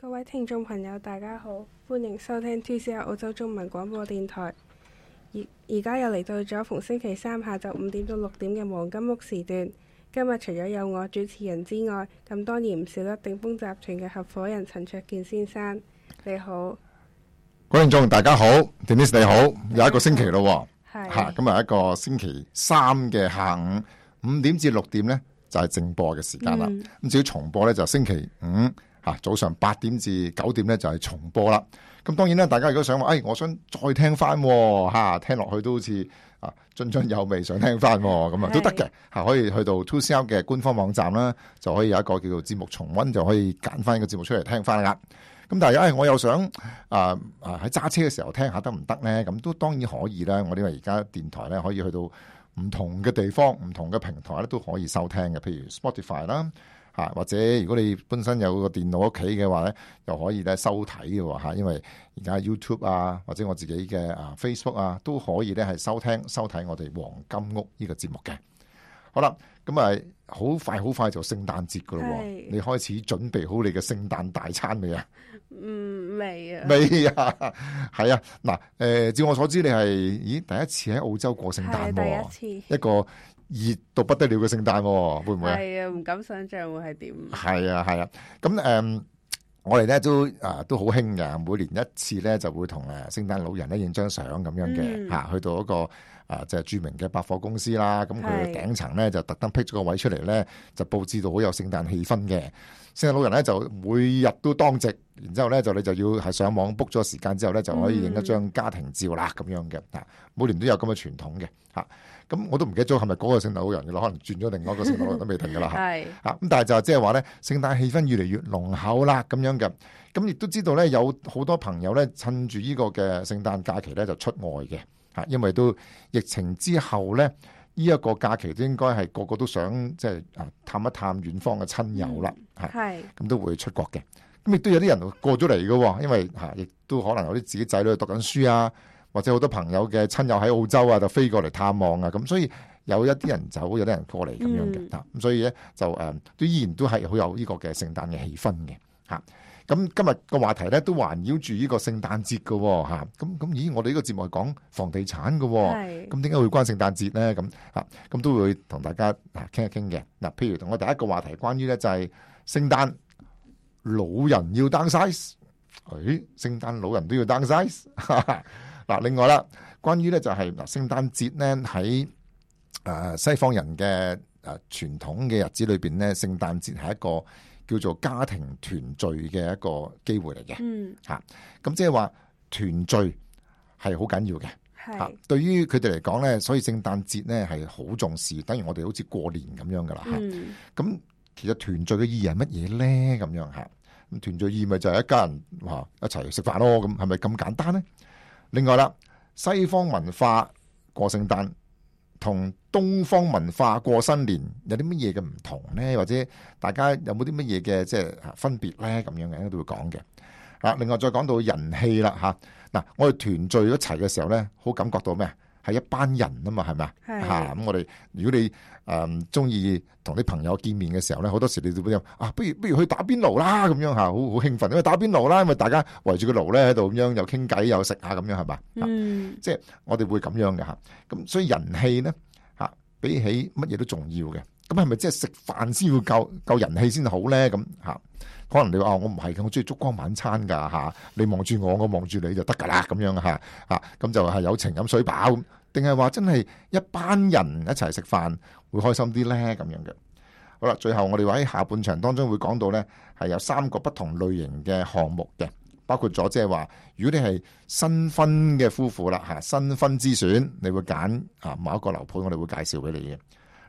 各位聽眾朋友，大家好，歡迎收聽 2CR 澳洲中文廣播電台。而家又嚟到咗逢星期三下晝五點到六點嘅黃金屋時段。今日除咗有我主持人之外，咁當然唔少得鼎豐集團嘅合夥人陳焯楗先生。你好，各位聽眾大家好，Dennis 你好，有一個星期咯。係，今日一個星期三嘅下午五點至六點呢，就係正播嘅時間啦。咁、嗯、至於重播呢，就星期五。啊，早上八點至九點咧就係、是、重播啦。咁當然啦，大家如果想話，誒、哎，我想再聽翻，吓、啊、聽落去都好似啊，津津有味，想聽翻咁啊，都得嘅。吓可,、啊、可以去到 2CR 嘅官方網站啦，就可以有一個叫做節目重温，就可以揀翻個節目出嚟聽翻啊。咁但係，誒、哎，我又想啊啊喺揸車嘅時候聽下得唔得呢？咁都當然可以啦。我哋而家電台呢，可以去到唔同嘅地方、唔同嘅平台咧都可以收聽嘅，譬如 Spotify 啦。或者如果你本身有個電腦屋企嘅話咧，又可以咧收睇嘅嚇，因為而家 YouTube 啊，或者我自己嘅啊 Facebook 啊，都可以咧係收聽收睇我哋《黃金屋》呢個節目嘅。好啦，咁啊，好快好快就聖誕節噶咯喎，你開始準備好你嘅聖誕大餐未啊？嗯，未啊，未啊，係 啊，嗱、呃，誒，據我所知你，你係咦第一次喺澳洲過聖誕喎，一次一個。熱到不得了嘅聖誕，會唔會啊？係啊，唔敢想象會係點。係啊，係啊，um, 啊。咁誒，我哋咧都啊都好興嘅，每年一次咧就會同誒聖誕老人咧影張相咁樣嘅吓、嗯啊，去到一個誒即係著名嘅百貨公司啦。咁佢頂層咧就特登辟咗個位出嚟咧，就布置到好有聖誕氣氛嘅。聖誕老人咧就每日都當值，然後呢之後咧就你就要係上網 book 咗時間之後咧就可以影一張家庭照啦咁樣嘅吓、嗯啊。每年都有咁嘅傳統嘅吓。啊咁我都唔記得咗係咪嗰個聖誕老人嘅啦，可能轉咗另外一個聖誕老人都未停嘅啦嚇。係 咁，但係就即係話咧，聖誕氣氛越嚟越濃厚啦，咁樣嘅。咁亦都知道咧，有好多朋友咧，趁住呢個嘅聖誕假期咧，就出外嘅嚇，因為都疫情之後咧，呢一個假期都應該係個個都想即係啊探一探遠方嘅親友啦嚇。係、嗯、咁都會出國嘅。咁亦都有啲人過咗嚟嘅喎，因為嚇亦都可能有啲自己仔女讀緊書啊。或者好多朋友嘅親友喺澳洲啊，就飛過嚟探望啊，咁所以有一啲人走，有啲人過嚟咁樣嘅，咁、嗯啊、所以咧就誒都、呃、依然都係好有呢個嘅聖誕嘅氣氛嘅嚇。咁、啊、今日個話題咧都環繞住呢個聖誕節嘅嚇。咁、啊、咁咦，我哋呢個節目係講房地產嘅，咁點解會關聖誕節咧？咁嚇咁都會同大家傾一傾嘅。嗱、啊，譬如同我第一個話題，關於咧就係、是、聖誕老人要 downsize，誒、哎、聖誕老人都要 downsize、啊。嗱，另外啦，關於咧就係嗱，聖誕節咧喺誒西方人嘅誒傳統嘅日子裏邊咧，聖誕節係一個叫做家庭團聚嘅一個機會嚟嘅。嗯，吓、啊，咁即係話團聚係好緊要嘅。係、啊，對於佢哋嚟講咧，所以聖誕節咧係好重視，等於我哋好似過年咁樣噶啦。咁、啊嗯啊、其實團聚嘅意義係乜嘢咧？咁樣吓，咁團聚意義咪就係一家人吓一齊食飯咯？咁係咪咁簡單咧？另外啦，西方文化過聖誕同東方文化過新年有啲乜嘢嘅唔同咧？或者大家有冇啲乜嘢嘅即係分別咧？咁樣嘅應該都會講嘅。啊，另外再講到人氣啦，吓嗱，我哋團聚一齊嘅時候咧，好感覺到咩？係一班人啊嘛，係咪啊？吓、嗯、咁我哋如果你誒中意同啲朋友見面嘅時候咧，好多時你都會啊，不如不如去打邊爐啦，咁樣吓，好好興奮，因為打邊爐啦，因為大家圍住個爐咧喺度咁樣又傾偈又食下，咁樣係嘛？即係我哋會咁樣嘅吓，咁、啊、所以人氣咧吓比起乜嘢都重要嘅，咁係咪即係食飯先要夠夠人氣先好咧？咁、啊、吓，可能你話、哦、我唔係咁我中意燭光晚餐噶吓、啊，你望住我，我望住你就得噶啦，咁樣吓吓，咁、啊啊啊、就係有情飲水飽。定係話真係一班人一齊食飯會開心啲呢？咁樣嘅。好啦，最後我哋話喺下半場當中會講到呢，係有三個不同類型嘅項目嘅，包括咗即係話，如果你係新婚嘅夫婦啦吓，新婚之選你會揀啊某一個樓盤，我哋會介紹俾你嘅。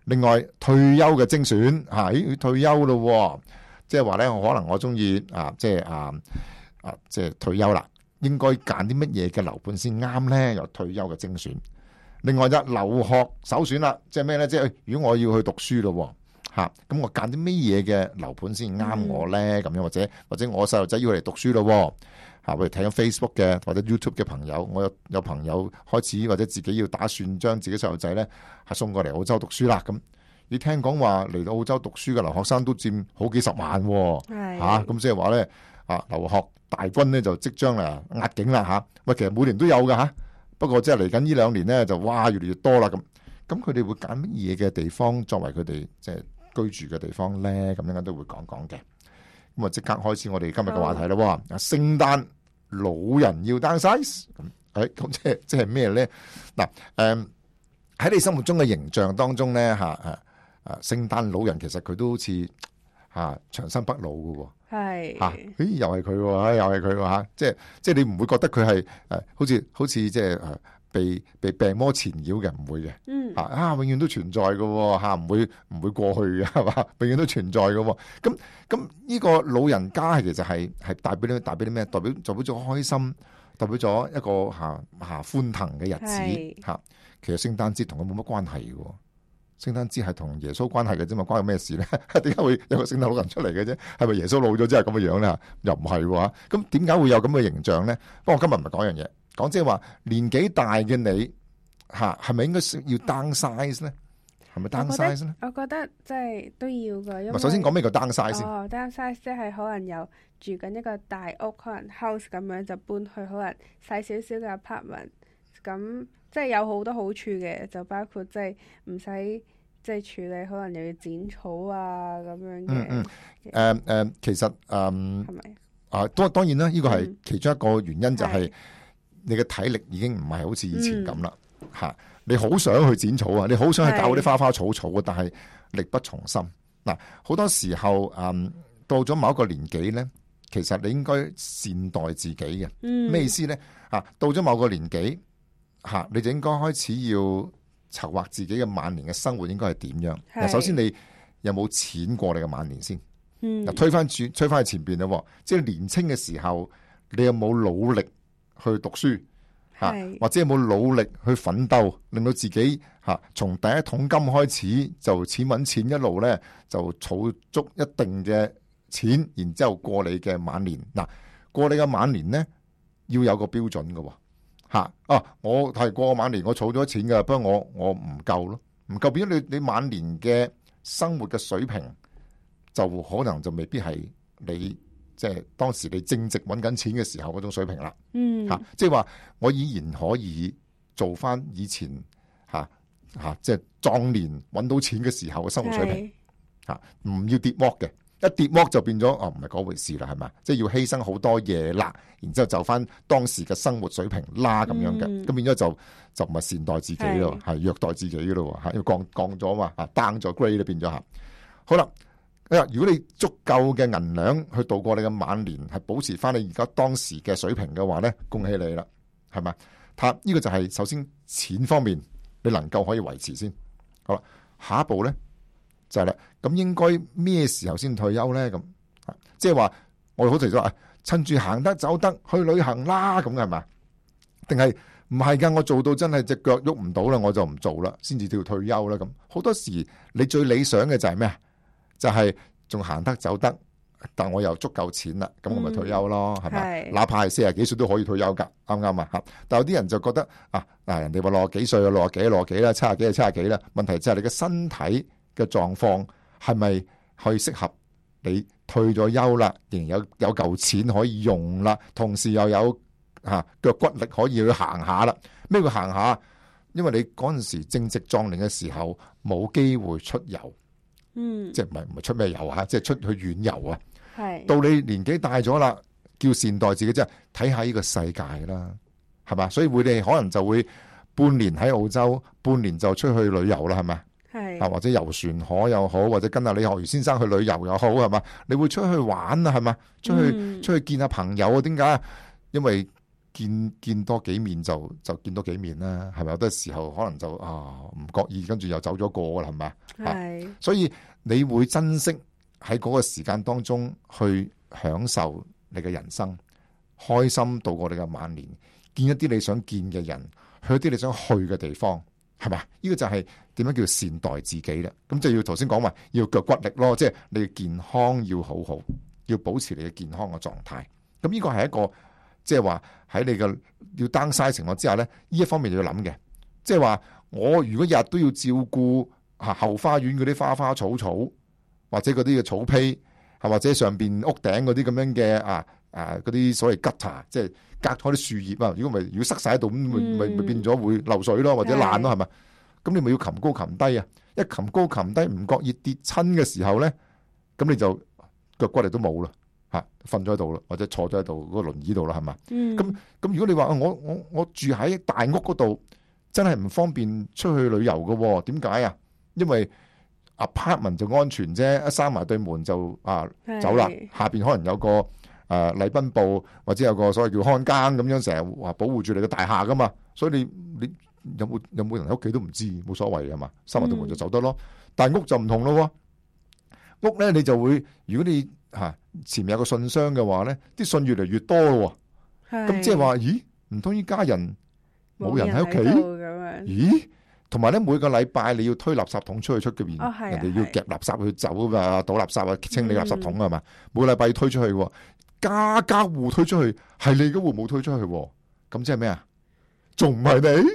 另外退休嘅精選吓，咦、啊哎、退休咯、喔，即係話呢，我可能我中意啊，即係啊啊，即、啊、係、啊啊啊、退休啦，應該揀啲乜嘢嘅樓盤先啱呢？有退休嘅精選。另外就留學首選啦，即係咩咧？即係如果我要去讀書咯，吓、啊、咁我揀啲咩嘢嘅樓盤先啱我咧？咁、嗯、樣或者或者我細路仔要嚟讀書咯，嚇、啊！我哋睇緊 Facebook 嘅或者 YouTube 嘅朋友，我有有朋友開始或者自己要打算將自己細路仔咧係送過嚟澳洲讀書啦。咁、啊、你聽講話嚟到澳洲讀書嘅留學生都佔好幾十萬、啊，係嚇咁即係話咧啊，就是、呢啊留學大軍咧就即將嚟壓境啦嚇！喂、啊，其實每年都有㗎嚇。啊不過即係嚟緊呢兩年咧，就哇越嚟越多啦咁。咁佢哋會揀乜嘢嘅地方作為佢哋即係居住嘅地方咧？咁樣都會講講嘅。咁啊，即刻開始我哋今日嘅話題啦。聖誕老人要 Downsize、哎，咁誒，咁即係即係咩咧？嗱、啊，誒、嗯，喺你心目中嘅形象當中咧，吓吓誒，聖、啊、誕老人其實佢都好似吓、啊、長生不老噶、啊。係，吓，咦，又係佢喎，又係佢喎，吓，即係即係你唔會覺得佢係誒，好似好似即係誒，被被病魔纏繞嘅，唔會嘅，嗯，吓啊，永遠都存在嘅、啊，吓、啊，唔會唔會過去嘅，係嘛，永遠都存在嘅、啊，咁咁呢個老人家係其實係係代表啲代表啲咩？代表代表咗開心，代表咗一個吓吓歡騰嘅日子，吓，其實聖誕節同佢冇乜關係嘅、啊。聖誕節係同耶穌關係嘅啫嘛，關佢咩事咧？點解會有個聖誕老人出嚟嘅啫？係咪耶穌老咗之後咁嘅樣咧？又唔係喎？咁點解會有咁嘅形象咧？不過我今日唔係講樣嘢，講即係話年紀大嘅你嚇係咪應該要 down size 咧？係咪 down size 咧？我覺得即係都要嘅。因為首先講咩叫 down size 先？Oh, 哦，down size 即係可能有住緊一個大屋，可能 house 咁樣就搬去可能細少少嘅 apartment 咁。即係有好多好處嘅，就包括即係唔使即係處理，可能又要剪草啊咁樣嘅。嗯嗯，誒誒、嗯嗯，其實誒、嗯，啊，當當然啦，呢、這個係其中一個原因、就係，就、嗯、係你嘅體力已經唔係好似以前咁啦。吓、嗯，你好想去剪草啊，你好想去搞啲花花草草是啊，但係力不從心。嗱，好多時候，嗯，到咗某一個年紀咧，其實你應該善待自己嘅。咩、嗯、意思咧？吓、啊，到咗某個年紀。吓，你就應該開始要籌劃自己嘅晚年嘅生活，應該係點樣？嗱，首先你有冇錢過你嘅晚年先？嗯，嗱，推翻轉，推翻去前邊咯，即係年輕嘅時候，你有冇努力去讀書？係，或者有冇努力去奮鬥，令到自己吓從第一桶金開始就錢搵錢，一路咧就儲足一定嘅錢，然之後過你嘅晚年。嗱，過你嘅晚年咧，要有個標準㗎。吓、啊、我提過晚年，我儲咗錢噶，不過我我唔夠咯，唔夠，變咗你你晚年嘅生活嘅水平就可能就未必係你即係、就是、當時你正值揾緊錢嘅時候嗰種水平啦。嗯、啊，吓即係話我依然可以做翻以前吓吓即係壯年揾到錢嘅時候嘅生活水平吓，唔、就是啊、要跌 watt 嘅。一跌 m 就變咗哦，唔係嗰回事啦，係咪？即係要犧牲好多嘢啦，然之後就翻當時嘅生活水平啦咁、嗯、樣嘅，咁變咗就就唔係善待自己咯，係虐待自己嘅咯，吓要降降咗嘛，吓 down 咗 grade 都變咗吓，好啦，哎呀，如果你足夠嘅銀兩去度過你嘅晚年，係保持翻你而家當時嘅水平嘅話咧，恭喜你啦，係咪？拍呢個就係首先錢方面你能夠可以維持先，好啦，下一步咧。就係、是、啦，咁應該咩時候先退休咧？咁即係話我好除咗趁住行得走得去旅行啦，咁嘅係嘛？定係唔係噶？我做到真係隻腳喐唔到啦，我就唔做啦，先至叫退休啦。咁好多時你最理想嘅就係咩？就係、是、仲行得走得，但我又足夠錢啦，咁我咪退休咯，係、嗯、咪？哪怕係四十幾歲都可以退休噶，啱唔啱啊？吓，但有啲人就覺得啊，嗱，人哋話六十幾歲啊，六十幾，六十幾啦，七十幾係七十幾啦。問題就係你嘅身體。嘅狀況係咪去適合你退咗休啦，仍然有有嚿錢可以用啦，同時又有吓嘅、啊、腳骨力可以去行下啦。咩叫行下？因為你嗰陣時正值壯年嘅時候，冇機會出遊，嗯，即係唔係唔係出咩遊吓，即係出去遠遊啊。係到你年紀大咗啦，叫善待自己，即係睇下呢個世界啦，係嘛。所以我哋可能就會半年喺澳洲，半年就出去旅遊啦，係嘛。啊，或者遊船河又好，或者跟阿李學儒先生去旅遊又好，係嘛？你會出去玩啊，係嘛？出去、嗯、出去見下朋友啊？點解啊？因為見見多幾面就就見多幾面啦，係咪？有啲時候可能就啊唔覺意，跟住又走咗過啦，係嘛？係，所以你會珍惜喺嗰個時間當中去享受你嘅人生，開心度過你嘅晚年，見一啲你想見嘅人，去一啲你想去嘅地方，係嘛？呢、這個就係、是。點樣叫善待自己咧？咁就要頭先講話，要腳骨力咯，即係你嘅健康要好好，要保持你嘅健康嘅狀態。咁呢個係一個，即係話喺你嘅要 downsize 情況之下咧，呢一方面要諗嘅，即係話我如果日都要照顧吓後花園嗰啲花花草草，或者嗰啲嘅草坯，係或者上邊屋頂嗰啲咁樣嘅啊啊嗰啲所謂 gutter，即係隔開啲樹葉啊。如果唔係，如果塞晒喺度咁，咪、嗯、咪變咗會漏水咯，或者爛咯，係咪？咁你咪要擒高擒低啊！一擒高擒低唔覺意跌親嘅時候咧，咁你就腳骨嚟都冇啦，瞓咗喺度啦，或者坐咗喺度嗰個輪椅度啦，係嘛？咁、嗯、咁如果你話啊，我我我住喺大屋嗰度，真係唔方便出去旅遊嘅，哦，點解啊？因為 apartment 就安全啫，一閂埋對門就啊走啦，下邊可能有個誒禮賓部或者有個所謂叫看更咁樣成日話保護住你嘅大廈噶嘛，所以你你。有冇有冇人喺屋企都唔知，冇所謂係嘛，閂埋道門就走得咯。嗯、但係屋就唔同咯，屋咧你就會，如果你吓、啊、前面有個信箱嘅話咧，啲信越嚟越多咯。咁即係話，咦？唔通依家人冇人喺屋企？咁樣咦？同埋咧，每個禮拜你要推垃圾桶出去出邊、哦、人哋要夾垃圾去走啊，倒垃圾啊，清理垃圾桶係嘛、嗯，每個禮拜要推出去，家家戶推出去，係你嗰戶冇推出去，咁即係咩啊？仲唔係你？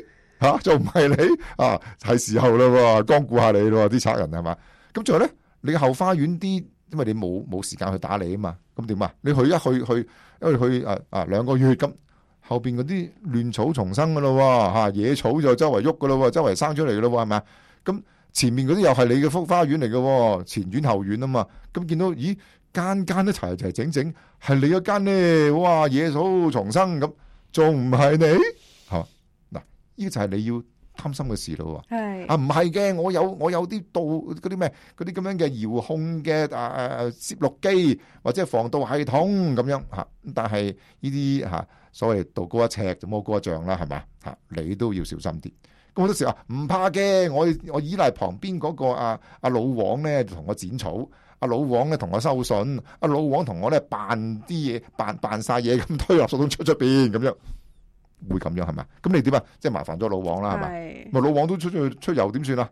吓，就唔係你啊，係、啊、時候啦，光顧下你咯，啲賊人係嘛？咁仲有咧，你後花園啲，因為你冇冇時間去打理啊嘛？咁點啊？你去一去去，因為去去啊啊兩個月咁，後邊嗰啲亂草叢生噶咯，吓、啊、野草就周圍喐噶咯，周圍生出嚟噶咯，係咪？咁前面嗰啲又係你嘅福花園嚟嘅，前院後院啊嘛？咁見到咦，間間都齊齊整整，係你一間咧，哇，野草叢生咁，仲唔係你？呢個就係你要貪心嘅事咯喎、啊，啊唔係嘅，我有我有啲道嗰啲咩嗰啲咁樣嘅遙控嘅啊落攝錄機或者防盜系統咁樣吓，但係呢啲吓所謂道高一尺就魔高一丈啦，係嘛吓，你都要小心啲。咁好多時候唔、啊、怕嘅，我我依賴旁邊嗰個啊阿、啊、老王咧同我剪草，阿、啊、老王咧同我收信，阿、啊、老王同我咧扮啲嘢扮扮晒嘢咁推落數通出出邊咁樣。會咁樣係咪？咁你點啊？即係麻煩咗老王啦，係咪？咪老王都出去出遊，點算啊？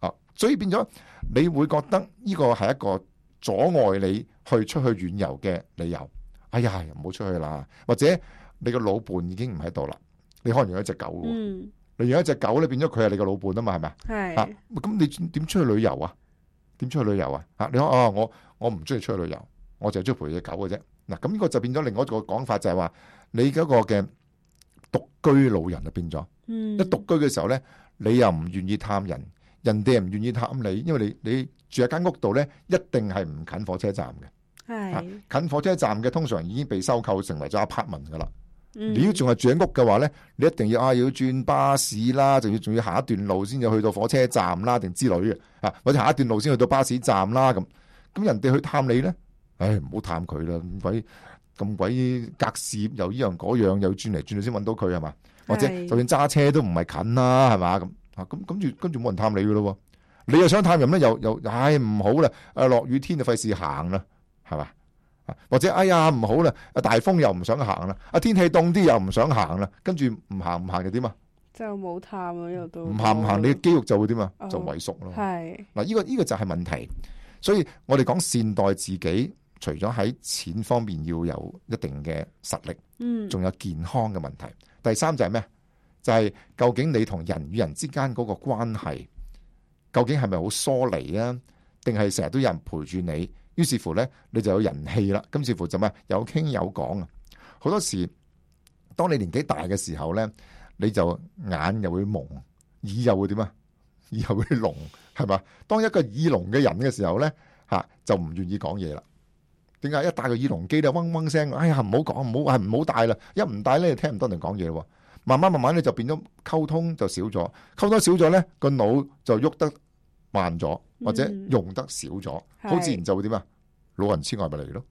啊，所以變咗你會覺得呢個係一個阻礙你去出去遠遊嘅理由。哎呀，唔好出去啦。或者你個老伴已經唔喺度啦，你可能養一隻狗嘅，嗯、你養一隻狗咧，你變咗佢係你個老伴啊？嘛係咪啊？咁你點出去旅遊啊？點出去旅遊啊你？啊，你話我我唔中意出去旅遊，我就中意陪隻狗嘅啫。嗱、啊，咁呢個就變咗另外一個講法就，就係話你嗰個嘅。獨居老人就變咗，一獨居嘅時候咧，你又唔願意探人，人哋又唔願意探你，因為你你住喺間屋度咧，一定係唔近火車站嘅、啊，近火車站嘅通常已經被收購成為咗 apartment 噶啦。嗯、你如果仲係住喺屋嘅話咧，你一定要啊要轉巴士啦，仲要仲要下一段路先至去到火車站啦，定之類嘅啊，或者下一段路先去到巴士站啦咁。咁人哋去探你咧，唉、哎，唔好探佢啦，咁鬼，咁鬼隔涉，又依樣嗰樣，又轉嚟轉去先揾到佢係嘛？或者就算揸車都唔係近啦，係嘛咁啊？咁跟住，跟住冇人探你咯。你又想探人咧，又又唉唔、哎、好啦！啊，落雨天就費事行啦，係嘛？或者哎呀唔好啦，啊大風又唔想行啦，啊天氣凍啲又唔想行啦，跟住唔行唔行又點啊？就冇探啊，又都唔行唔行，你嘅肌肉就會點啊、哦？就萎縮咯。係嗱，依、這個依、這個就係問題，所以我哋講善待自己。除咗喺錢方面要有一定嘅實力，嗯，仲有健康嘅問題、嗯。第三就係咩？就係、是、究竟你同人與人之間嗰個關係究竟係咪好疏離咧、啊？定係成日都有人陪住你？於是乎咧，你就有人氣啦。跟住乎就咩有傾有講啊。好多時當你年紀大嘅時候咧，你就眼又會矇，耳又會點啊？耳又會聾，係嘛？當一個耳聾嘅人嘅時候咧，嚇就唔願意講嘢啦。點解一戴個耳聾機咧嗡嗡聲？哎呀，唔好講，唔好係唔好戴啦！一唔戴咧，你聽唔到人講嘢咯。慢慢慢慢咧，就變咗溝通就少咗，溝通少咗咧，個腦就喐得慢咗，或者用得少咗，好、嗯、自然就會點啊？老人痴呆咪嚟咯！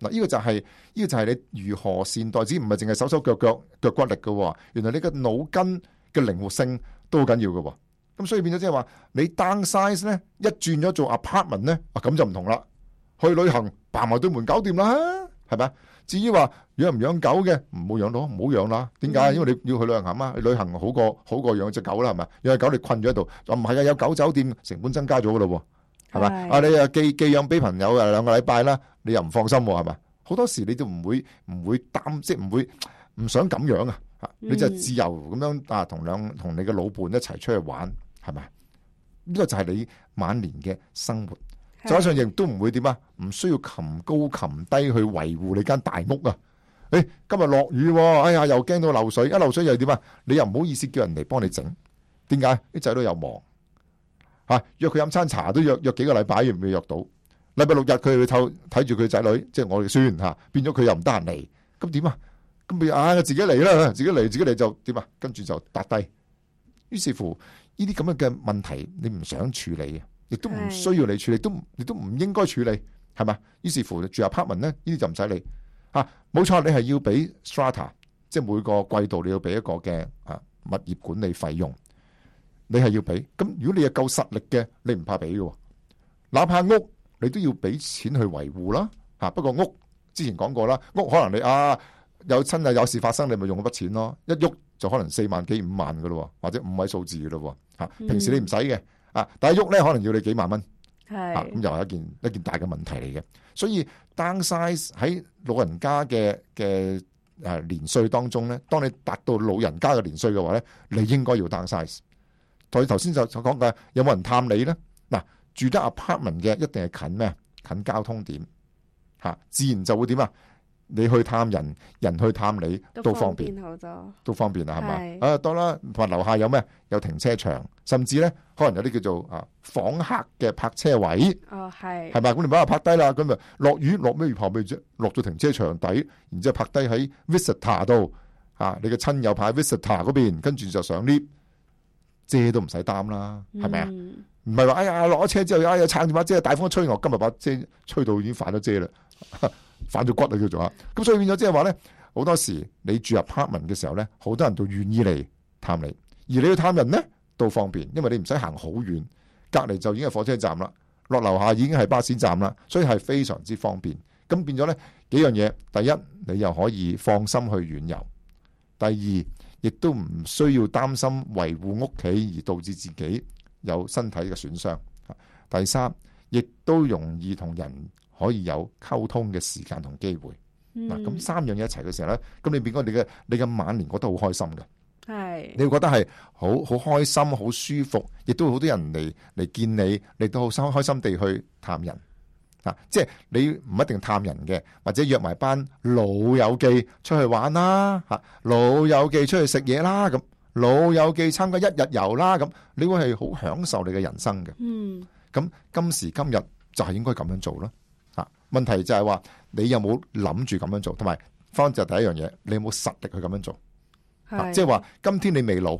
嗱，呢個就係、是、呢、這個就係你如何善待，自己，唔係淨係手手腳腳腳骨力噶。原來你個腦筋嘅靈活性都好緊要噶。咁所以變咗即係話，你 downsize 咧，一轉咗做 apartment 咧、啊，啊咁就唔同啦。去旅行，扒埋對門搞掂啦，係咪？至於話養唔養狗嘅，唔好養到，唔好養啦。點解？嗯、因為你要去旅行啊嘛，去旅行好過好過養隻狗啦，係咪？養隻狗你困咗喺度，又唔係啊？有狗酒店成本增加咗噶咯，係咪？啊，你啊寄寄養俾朋友啊，兩個禮拜啦，你又唔放心，係咪？好多時你都唔會唔會擔心，唔會唔想咁樣啊？你就自由咁樣啊，同兩同你嘅老伴一齊出去玩，係咪？呢、這個就係你晚年嘅生活。再加上亦都唔會點啊，唔需要擒高擒低去維護你間大屋啊。誒、哎，今日落雨，啊，哎呀，又驚到漏水，一漏水又點啊？你又唔好意思叫人嚟幫你整，點解啲仔女又忙吓，啊？約佢飲餐茶都約約幾個禮拜，要唔要約到？禮拜六日佢去透睇住佢仔女，即、就、係、是、我哋孫吓，變咗佢又唔得閒嚟，咁點啊？咁咪啊自己嚟啦，自己嚟自己嚟就點啊？跟住就搭低。於是乎，呢啲咁樣嘅問題，你唔想處理啊？亦都唔需要你處理，都亦都唔應該處理，係嘛？於是乎住 apartment 咧，呢啲就唔使理吓。冇、啊、錯，你係要俾 strata，即係每個季度你要俾一個嘅啊物業管理費用，你係要俾。咁如果你係夠實力嘅，你唔怕俾嘅。哪怕屋你都要俾錢去維護啦。吓、啊，不過屋之前講過啦，屋可能你啊有親啊有事發生，你咪用嗰筆錢咯。一喐就可能四萬幾五萬噶咯，或者五位數字噶咯。吓、啊，平時你唔使嘅。嗯啊！大屋咧，可能要你幾萬蚊，啊咁又係一件一件大嘅問題嚟嘅。所以 downsize 喺老人家嘅嘅年歲當中咧，當你達到老人家嘅年歲嘅話咧，你應該要 downsize。再頭先就所講嘅有冇人探你咧？嗱、啊，住得 apartment 嘅一定係近咩？近交通點嚇、啊，自然就會點啊！你去探人，人去探你都方便，都方便啦，係咪？啊當啦！話樓下有咩？有停車場，甚至咧可能有啲叫做啊訪客嘅泊車位。哦，係。係咪？咁你把啊泊低啦，咁啊落雨落咩雨旁邊啫？落咗停車場底，然之後泊低喺 visitor 度，吓、啊、你嘅親友派 visitor 嗰邊，跟住就上 lift 遮都唔使擔啦，係咪啊？唔係話哎呀落咗車之後，哎呀撐住把遮，大風一吹我今日把遮吹到已經反咗遮啦。 反咗骨啦叫做啊，咁所以變咗即係話咧，好多時你住入 apartment 嘅時候咧，好多人都願意嚟探你，而你去探人咧都方便，因為你唔使行好遠，隔籬就已經係火車站啦，落樓下已經係巴士站啦，所以係非常之方便。咁變咗咧幾樣嘢，第一你又可以放心去遠遊，第二亦都唔需要擔心維護屋企而導致自己有身體嘅損傷，第三亦都容易同人。可以有溝通嘅時間同機會，嗱、嗯、咁三樣嘢一齊嘅時候咧，咁你變過你嘅你嘅晚年覺得好開心嘅，係你會覺得係好好開心、好舒服，亦都好多人嚟嚟見你，你都好開開心地去探人，啊，即係你唔一定探人嘅，或者約埋班老友記出去玩啦，吓、啊、老友記出去食嘢啦，咁老友記參加一日遊啦，咁你會係好享受你嘅人生嘅，嗯，咁今時今日就係應該咁樣做啦。問題就係話，你有冇諗住咁樣做，同埋方就第一樣嘢，你有冇實力去咁樣做？即係話，今天你未老，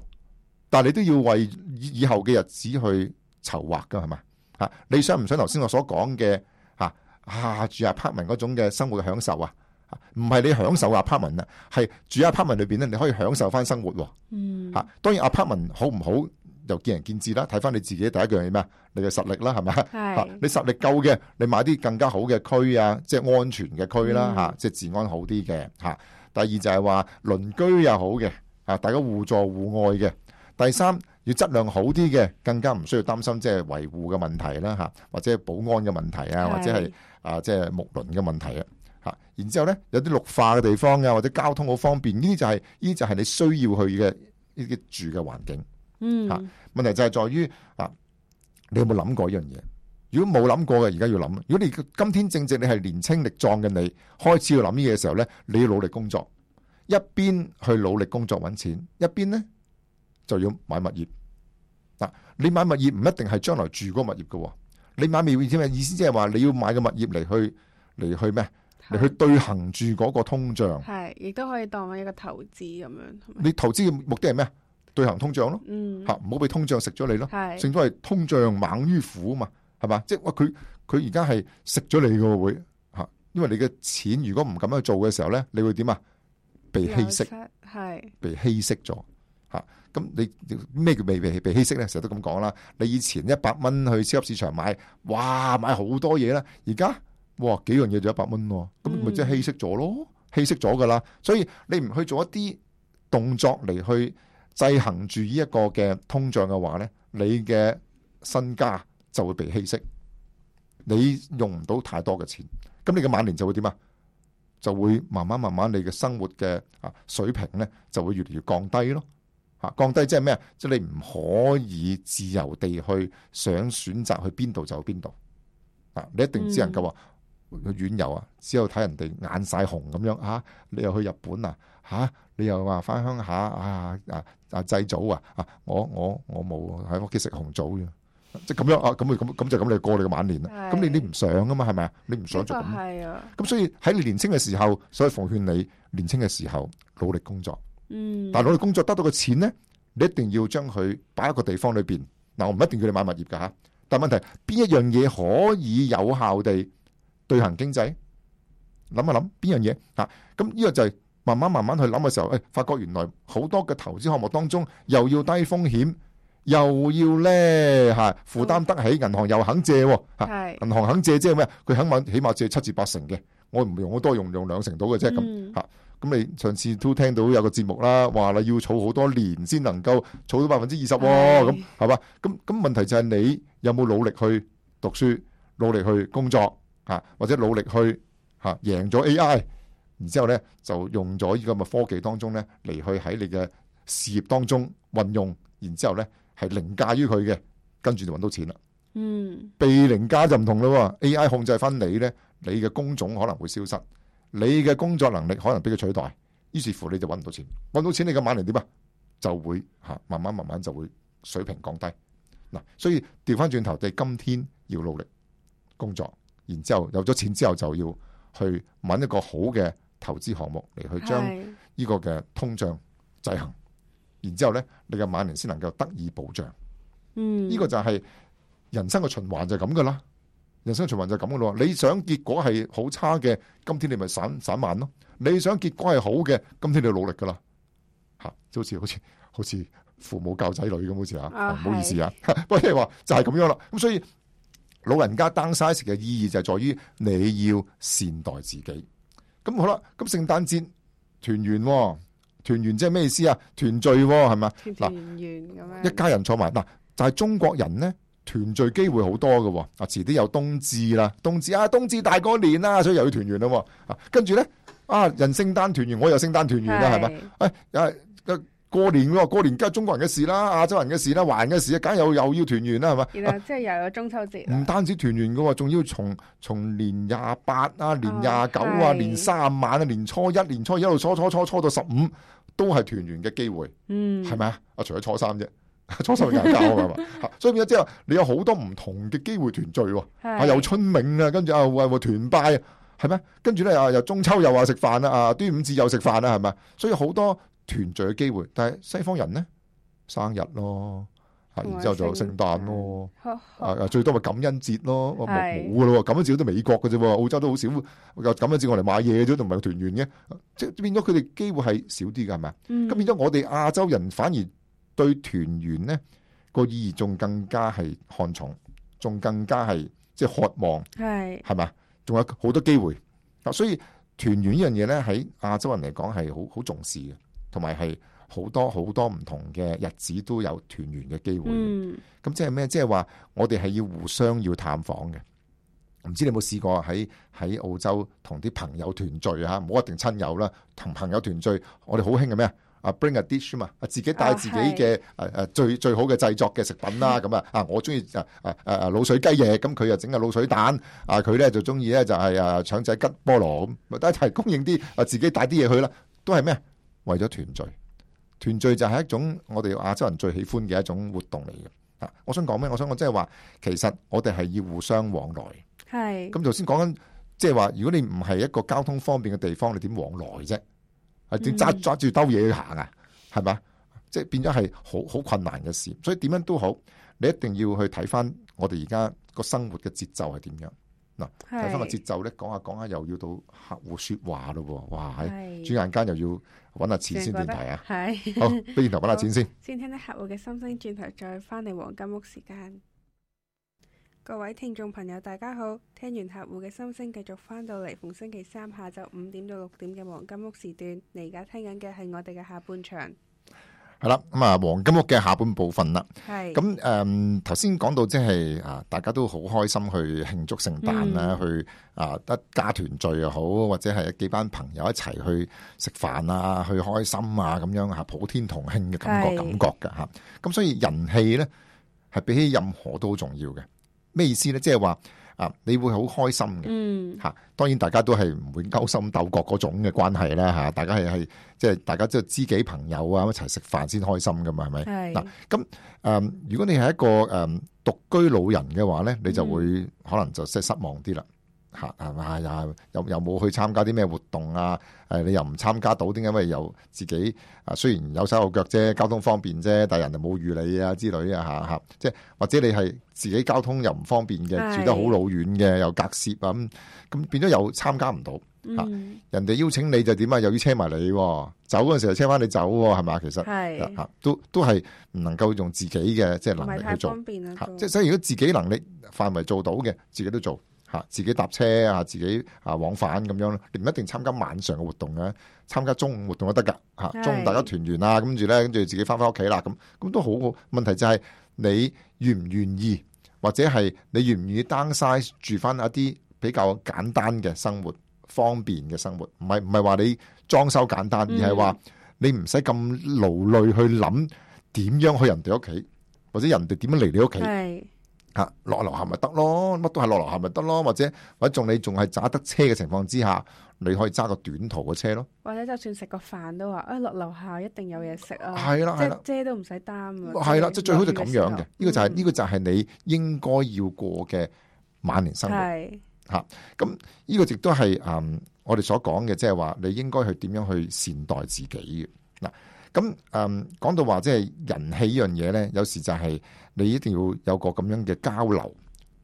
但係你都要為以後嘅日子去籌劃噶，係咪？啊，你想唔想頭先我所講嘅啊啊住 apartment 嗰種嘅生活享受啊？啊，唔係你享受 apartment 啊，係住 apartment 裏邊咧，你可以享受翻生活、啊。嗯，吓，當然 apartment 好唔好？又見仁見智啦，睇翻你自己第一樣係咩？你嘅實力啦，係咪、啊？你實力夠嘅，你買啲更加好嘅區啊，即、就、係、是、安全嘅區啦、啊，嚇、嗯，即、啊、係、就是、治安好啲嘅嚇。第二就係話鄰居又好嘅，啊，大家互助互愛嘅。第三要質量好啲嘅，更加唔需要擔心即係維護嘅問題啦、啊，嚇、啊，或者保安嘅問題啊，或者係啊，即、就、係、是、木輪嘅問題啊，嚇、啊。然之後咧，有啲綠化嘅地方嘅、啊，或者交通好方便，呢啲就係、是、呢，就係你需要去嘅呢啲住嘅環境。嗯，吓問題就係在於嗱，你有冇諗過呢樣嘢？如果冇諗過嘅，而家要諗。如果你今天正值你係年輕力壯嘅你，開始要諗呢嘢嘅時候咧，你要努力工作，一邊去努力工作揾錢，一邊咧就要買物業。嗱，你買物業唔一定係將來住嗰個物業噶，你買物業意思咩？意思即係話你要買個物業嚟去嚟去咩？嚟去對行住嗰個通脹，係亦都可以當一個投資咁樣。你投資嘅目的係咩？對行通脹咯，嚇唔好俾通脹食咗你咯，係正所謂通脹猛於虎嘛，係嘛？即係哇，佢佢而家係食咗你個會嚇，因為你嘅錢如果唔咁樣做嘅時候咧，你會點啊？被稀釋係被稀釋咗嚇，咁你咩叫未被被稀釋咧？成日都咁講啦，你以前一百蚊去超級市場買，哇買好多嘢啦，而家哇幾樣嘢就一百蚊喎，咁咪即係稀釋咗咯、嗯、咯，稀釋咗噶啦，所以你唔去做一啲動作嚟去。制衡住呢一個嘅通脹嘅話咧，你嘅身家就會被稀釋，你用唔到太多嘅錢，咁你嘅晚年就會點啊？就會慢慢慢慢你嘅生活嘅啊水平咧就會越嚟越降低咯，啊降低即係咩啊？即係你唔可以自由地去想選擇去邊度就去邊度，啊你一定只能夠話去遠遊啊，只有睇人哋眼晒紅咁樣啊，你又去日本啊，吓、啊？你又話翻鄉下啊啊啊祭祖啊啊我我我冇喺屋企食紅棗嘅、啊，即係咁樣啊咁啊咁咁就咁你就過你嘅晚年啦。咁你你唔想啊嘛係咪啊？你唔想，想做咁。咁、啊、所以喺年輕嘅時候，所以奉勸你年輕嘅時候努力工作。嗯。但係努力工作得到嘅錢咧，你一定要將佢擺喺個地方裏邊。嗱、嗯，我唔一定要你買物業噶吓，但係問題邊一樣嘢可以有效地對行經濟？諗一諗邊樣嘢啊？咁呢個就係、是。慢慢慢慢去諗嘅時候，誒，發覺原來好多嘅投資項目當中，又要低風險，又要咧吓負擔得起，銀行又肯借，吓銀行肯借即係咩？佢肯買，起碼借七至八成嘅，我唔用好多，用用兩成到嘅啫咁吓。咁你上次都聽到有個節目啦，話啦要儲好多年先能夠儲到百分之二十，咁係嘛？咁咁問題就係你有冇努力去讀書，努力去工作吓，或者努力去吓贏咗 AI？然之後咧，就用咗呢個咁嘅科技當中咧，嚟去喺你嘅事業當中運用。然之後咧，係凌駕於佢嘅，跟住就搵到錢啦。嗯，被凌駕就唔同咯。A.I. 控制翻你咧，你嘅工種可能會消失，你嘅工作能力可能俾佢取代，於是乎你就搵唔到錢。搵到錢你嘅馬嚟點啊？就會吓慢慢慢慢就會水平降低。嗱，所以調翻轉頭，就係今天要努力工作。然之後有咗錢之後，就要去搵一個好嘅。投資項目嚟去將呢個嘅通脹制衡，然之後咧，你嘅晚年先能夠得以保障。嗯，呢、呢個就係人生嘅循環就係咁噶啦，人生循環就係咁噶咯。你想結果係好差嘅，今天你咪散散慢咯；你想結果係好嘅，今天你努力噶啦。吓、啊，就好似好似好似父母教仔女咁，好似啊，唔、啊啊、好意思啊，不過即係話就係咁樣啦。咁所以老人家 downsize 嘅意義就係在於你要善待自己。咁好啦，咁聖誕節團圓，團圓即係咩意思啊？團聚喎，係咪？嗱，團圓咁樣，一家人坐埋嗱，就係中國人咧，團聚機會好多噶喎。啊，遲啲有冬至啦，冬至啊，冬至大過年啦，所以又要團圓啦。啊，跟住咧，啊，人聖誕團圓，我又聖誕團圓啦，係咪？誒，又係，哎。啊過年喎，過年梗係中國人嘅事啦，亞洲人嘅事啦，華人嘅事啊，梗又有要團圓啦，係咪？而家即係又有中秋節。唔單止團圓嘅，仲要從從年廿八啊，年廿九啊，哦、年三晚啊，年初一、年初一到初一初初初，初，初到十五，都係團圓嘅機會。嗯，係咪啊？啊，除咗初三啫，初三拗交啊嘛， 所以變咗之後你有好多唔同嘅機會團聚。係啊，又春茗啊，跟住啊喂喂團拜啊，係咩？跟住咧啊，又中秋又話食飯啦，啊端午節又食飯啦，係咪？所以好多。團聚嘅機會，但係西方人咧生日咯，吓，然之後就聖誕咯， 啊，最多咪感恩節咯，冇噶咯，感恩節都美國嘅啫，澳洲都好少。感恩節我哋買嘢啫，同埋團圓嘅，即係變咗佢哋機會係少啲噶，係咪？咁、嗯、變咗我哋亞洲人反而對團圓咧個意義仲更加係看重，仲更加係即係渴望係係嘛？仲有好多機會啊，所以團圓呢樣嘢咧喺亞洲人嚟講係好好重視嘅。還有很多很多同埋係好多好多唔同嘅日子都有團圓嘅機會，嗯。咁即係咩？即係話我哋係要互相要探訪嘅。唔知你有冇試過喺喺澳洲同啲朋友團聚啊？唔好一定親友啦，同朋友團聚，我哋好興嘅咩？啊，bring a dish 嘛，啊，自己帶自己嘅誒誒最、啊、最好嘅製作嘅食品啦。咁啊啊，我中意誒誒誒鹵水雞翼，咁佢又整啊鹵水蛋。啊，佢咧就中意咧就係啊腸仔吉菠蘿咁，但係供應啲啊自己帶啲嘢去啦，都係咩？為咗團聚，團聚就係一種我哋亞洲人最喜歡嘅一種活動嚟嘅。啊，我想講咩？我想講即係話，其實我哋係要互相往來。係咁，頭先講緊，即係話，如果你唔係一個交通方便嘅地方，你點往來啫？係點揸揸住兜嘢去行啊？係咪？即係變咗係好好困難嘅事。所以點樣都好，你一定要去睇翻我哋而家個生活嘅節奏係點樣。嗱，睇翻個節奏咧，講下講下又要到客戶說話咯，哇！轉眼間又要揾下、啊、錢先轉題啊，好，不如頭揾下錢先。先聽啲客戶嘅心聲，轉頭再翻嚟黃金屋時間。各位聽眾朋友大家好，聽完客戶嘅心聲，繼續翻到嚟逢星期三下晝五點到六點嘅黃金屋時段。你而家聽緊嘅係我哋嘅下半場。係啦，咁啊，黃金屋嘅下半部分啦。係咁，誒、嗯，頭先講到即係啊，大家都好開心去慶祝聖誕啦，去啊，得家團聚又好，或者係幾班朋友一齊去食飯啊，去開心啊，咁樣吓普天同慶嘅感覺，感覺嘅吓。咁所以人氣咧係比起任何都好重要嘅。咩意思咧？即係話。啊！你會好開心嘅，吓、嗯啊，當然大家都係唔會勾心鬥角嗰種嘅關係啦，吓、啊，大家係係即係大家即係知己朋友啊，一齊食飯先開心噶嘛，係咪？嗱，咁、啊、誒、呃，如果你係一個誒獨、呃、居老人嘅話咧，你就會、嗯、可能就即係失望啲啦。吓係嘛？又又又冇去參加啲咩活動啊？誒，你又唔參加到？點解因咪又自己？啊，雖然有手有腳啫，交通方便啫，但係人哋冇預你啊之類啊吓吓。即係或者你係自己交通又唔方便嘅，住得好老遠嘅，又隔涉咁咁，那變咗又參加唔到。吓人哋邀請你就點啊？又要車埋你，你走嗰陣時，又車翻你走係嘛？其實吓都都係唔能夠用自己嘅即係能力去做。唔係太方便啊！即係所以如果自己能力範圍做到嘅，自己都做。吓，自己搭車啊，自己啊往返咁樣咯，你唔一定參加晚上嘅活動嘅，參加中午活動都得噶。吓中午大家團圓啊，跟住咧跟住自己翻翻屋企啦，咁咁都好好。問題就係你願唔願意，或者係你願唔願意 downsize 住翻一啲比較簡單嘅生活，方便嘅生活。唔係唔係話你裝修簡單，而係話你唔使咁勞累去諗點樣去人哋屋企，或者人哋點樣嚟你屋企。啊，落樓下咪得咯，乜都係落樓下咪得咯，或者或者仲你仲係揸得車嘅情況之下，你可以揸個短途嘅車咯。或者就算食個飯都話，啊落樓下一定有嘢食啊，即係遮都唔使擔啊。係啦，即係最好就咁樣嘅，呢個就係呢個就係你應該要過嘅晚年生活。係吓，咁呢個亦都係嗯我哋所講嘅，即係話你應該去點樣去善待自己嘅嗱。咁嗯講到話即係人氣呢樣嘢咧，有時就係。你一定要有個咁樣嘅交流，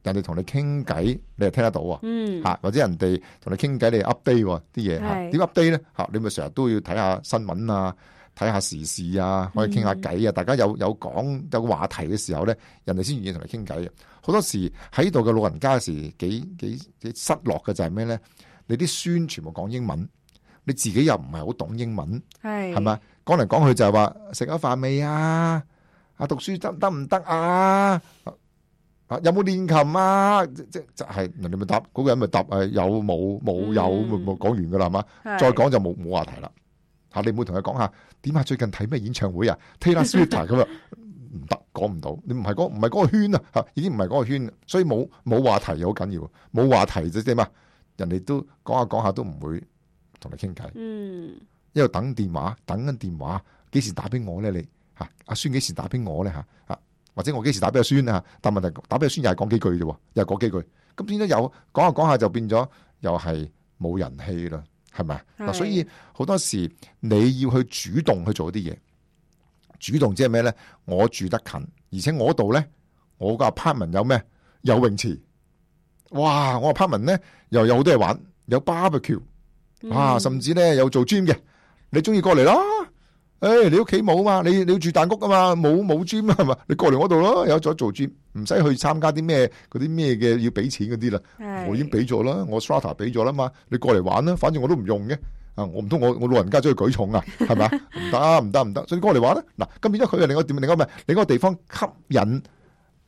人哋同你傾偈，你又聽得到啊？嗯，嚇或者人哋同你傾偈，你 update 啲嘢嚇。點 update 咧？嚇你咪成日都要睇下新聞啊，睇下時事啊，可以傾下偈啊、嗯。大家有有講有話題嘅時候咧，人哋先願意同你傾偈嘅。好多時喺度嘅老人家嘅時幾幾幾失落嘅就係咩咧？你啲孫全部講英文，你自己又唔係好懂英文，係係咪啊？講嚟講去就係話食咗飯未啊？行行啊！讀書得得唔得啊？啊有冇練琴啊？即即即係，人哋咪答嗰個人咪答誒，有冇冇有冇講完噶啦，係、嗯、嘛？再講就冇冇話題啦。吓你唔好同佢講下，點解最近睇咩演唱會啊？Taylor Swift 咁啊？唔 得，講唔到。你唔係嗰唔係嗰個圈啊？吓，已經唔係嗰個圈、啊，所以冇冇話題好緊要，冇話題啫，點啊？人哋都講下講下都唔會同你傾偈。嗯，一路等電話，等緊電話，幾時打俾我咧？你？啊、阿孫幾時打俾我咧吓？吓、啊、或者我幾時打俾阿孫啊？但問題打俾阿孫又係講幾句啫，又係講幾句，咁點解有講下講下就變咗又係冇人氣啦，係咪啊？嗱，所以好多時你要去主動去做啲嘢，主動即係咩咧？我住得近，而且我度咧，我個 apartment 有咩？有泳池，哇！我 apartment 咧又有好多嘢玩，有 barbecue、啊、甚至咧有做 gym 嘅，你中意過嚟咯～誒、哎，你屋企冇嘛？你你要住大屋啊嘛？冇冇 gym 啊嘛？你過嚟我度咯，有咗做 gym，唔使去參加啲咩啲咩嘅要俾錢嗰啲啦。我已經俾咗啦，我 strata 俾咗啦嘛。你過嚟玩啦，反正我都唔用嘅。啊，我唔通我我老人家走去舉重啊？係嘛？唔得唔得唔得，所以過嚟玩啦。嗱，咁變咗佢又另外點？另外唔係，你嗰個，個，個地方吸引。